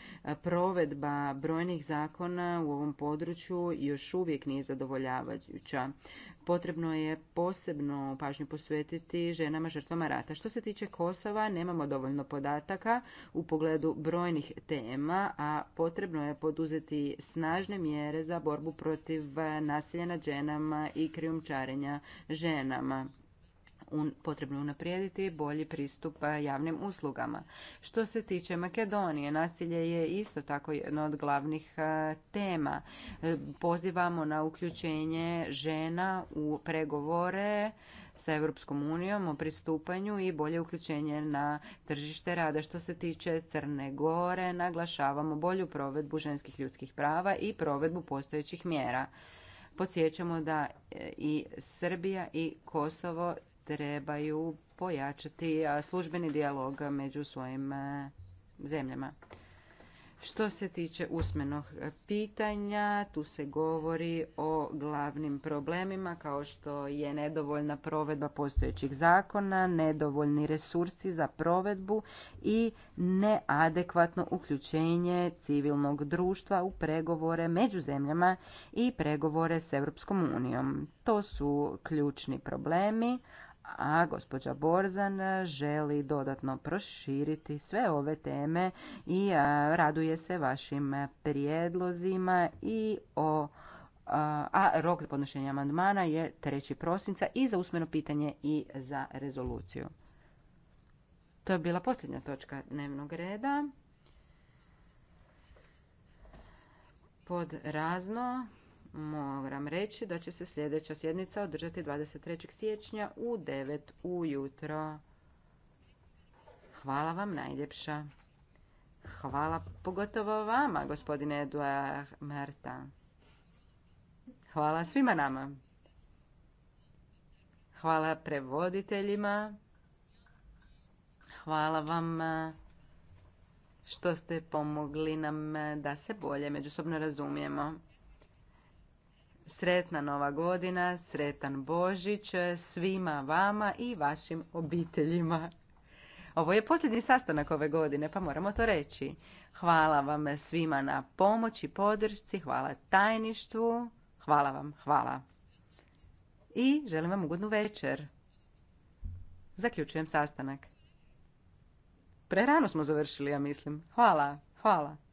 Provedba brojnih zakona u ovom području još uvijek nije zadovoljavajuća. Potrebno je posebno pažnju posvetiti ženama žrtvama rata. Što se tiče Kosova, nemamo dovoljno podataka u pogledu brojnih tema, a potrebno je poduzeti snažne mjere za borbu protiv nasilja nad ženama i krijumčarenja ženama potrebno unaprijediti bolji pristup javnim uslugama. Što se tiče Makedonije, nasilje je isto tako jedna od glavnih tema. E, pozivamo na uključenje žena u pregovore sa Europskom unijom o pristupanju i bolje uključenje na tržište rada. Što se tiče Crne Gore, naglašavamo bolju provedbu ženskih ljudskih prava i provedbu postojećih mjera. Podsjećamo da e, i Srbija i Kosovo trebaju pojačati službeni dijalog među svojim e, zemljama. Što se tiče usmenog pitanja, tu se govori o glavnim problemima kao što je nedovoljna provedba postojećih zakona, nedovoljni resursi za provedbu i neadekvatno uključenje civilnog društva u pregovore među zemljama i pregovore s Europskom unijom. To su ključni problemi, a gospođa Borzan želi dodatno proširiti sve ove teme i raduje se vašim prijedlozima i o a rok za podnošenje amandmana je 3. prosinca i za usmeno pitanje i za rezoluciju. To je bila posljednja točka dnevnog reda. Pod razno moram reći da će se sljedeća sjednica održati 23. siječnja u 9 ujutro. Hvala vam najljepša. Hvala pogotovo vama, gospodine Eduard Marta. Hvala svima nama. Hvala prevoditeljima. Hvala vam eh, što ste pomogli nam eh, da se bolje međusobno razumijemo. Sretna nova godina, sretan Božić svima vama i vašim obiteljima. Ovo je posljednji sastanak ove godine, pa moramo to reći. Hvala vam svima na pomoći, podršci, hvala tajništvu, hvala vam, hvala. I želim vam ugodnu večer. Zaključujem sastanak. Prerano smo završili, ja mislim. Hvala, hvala.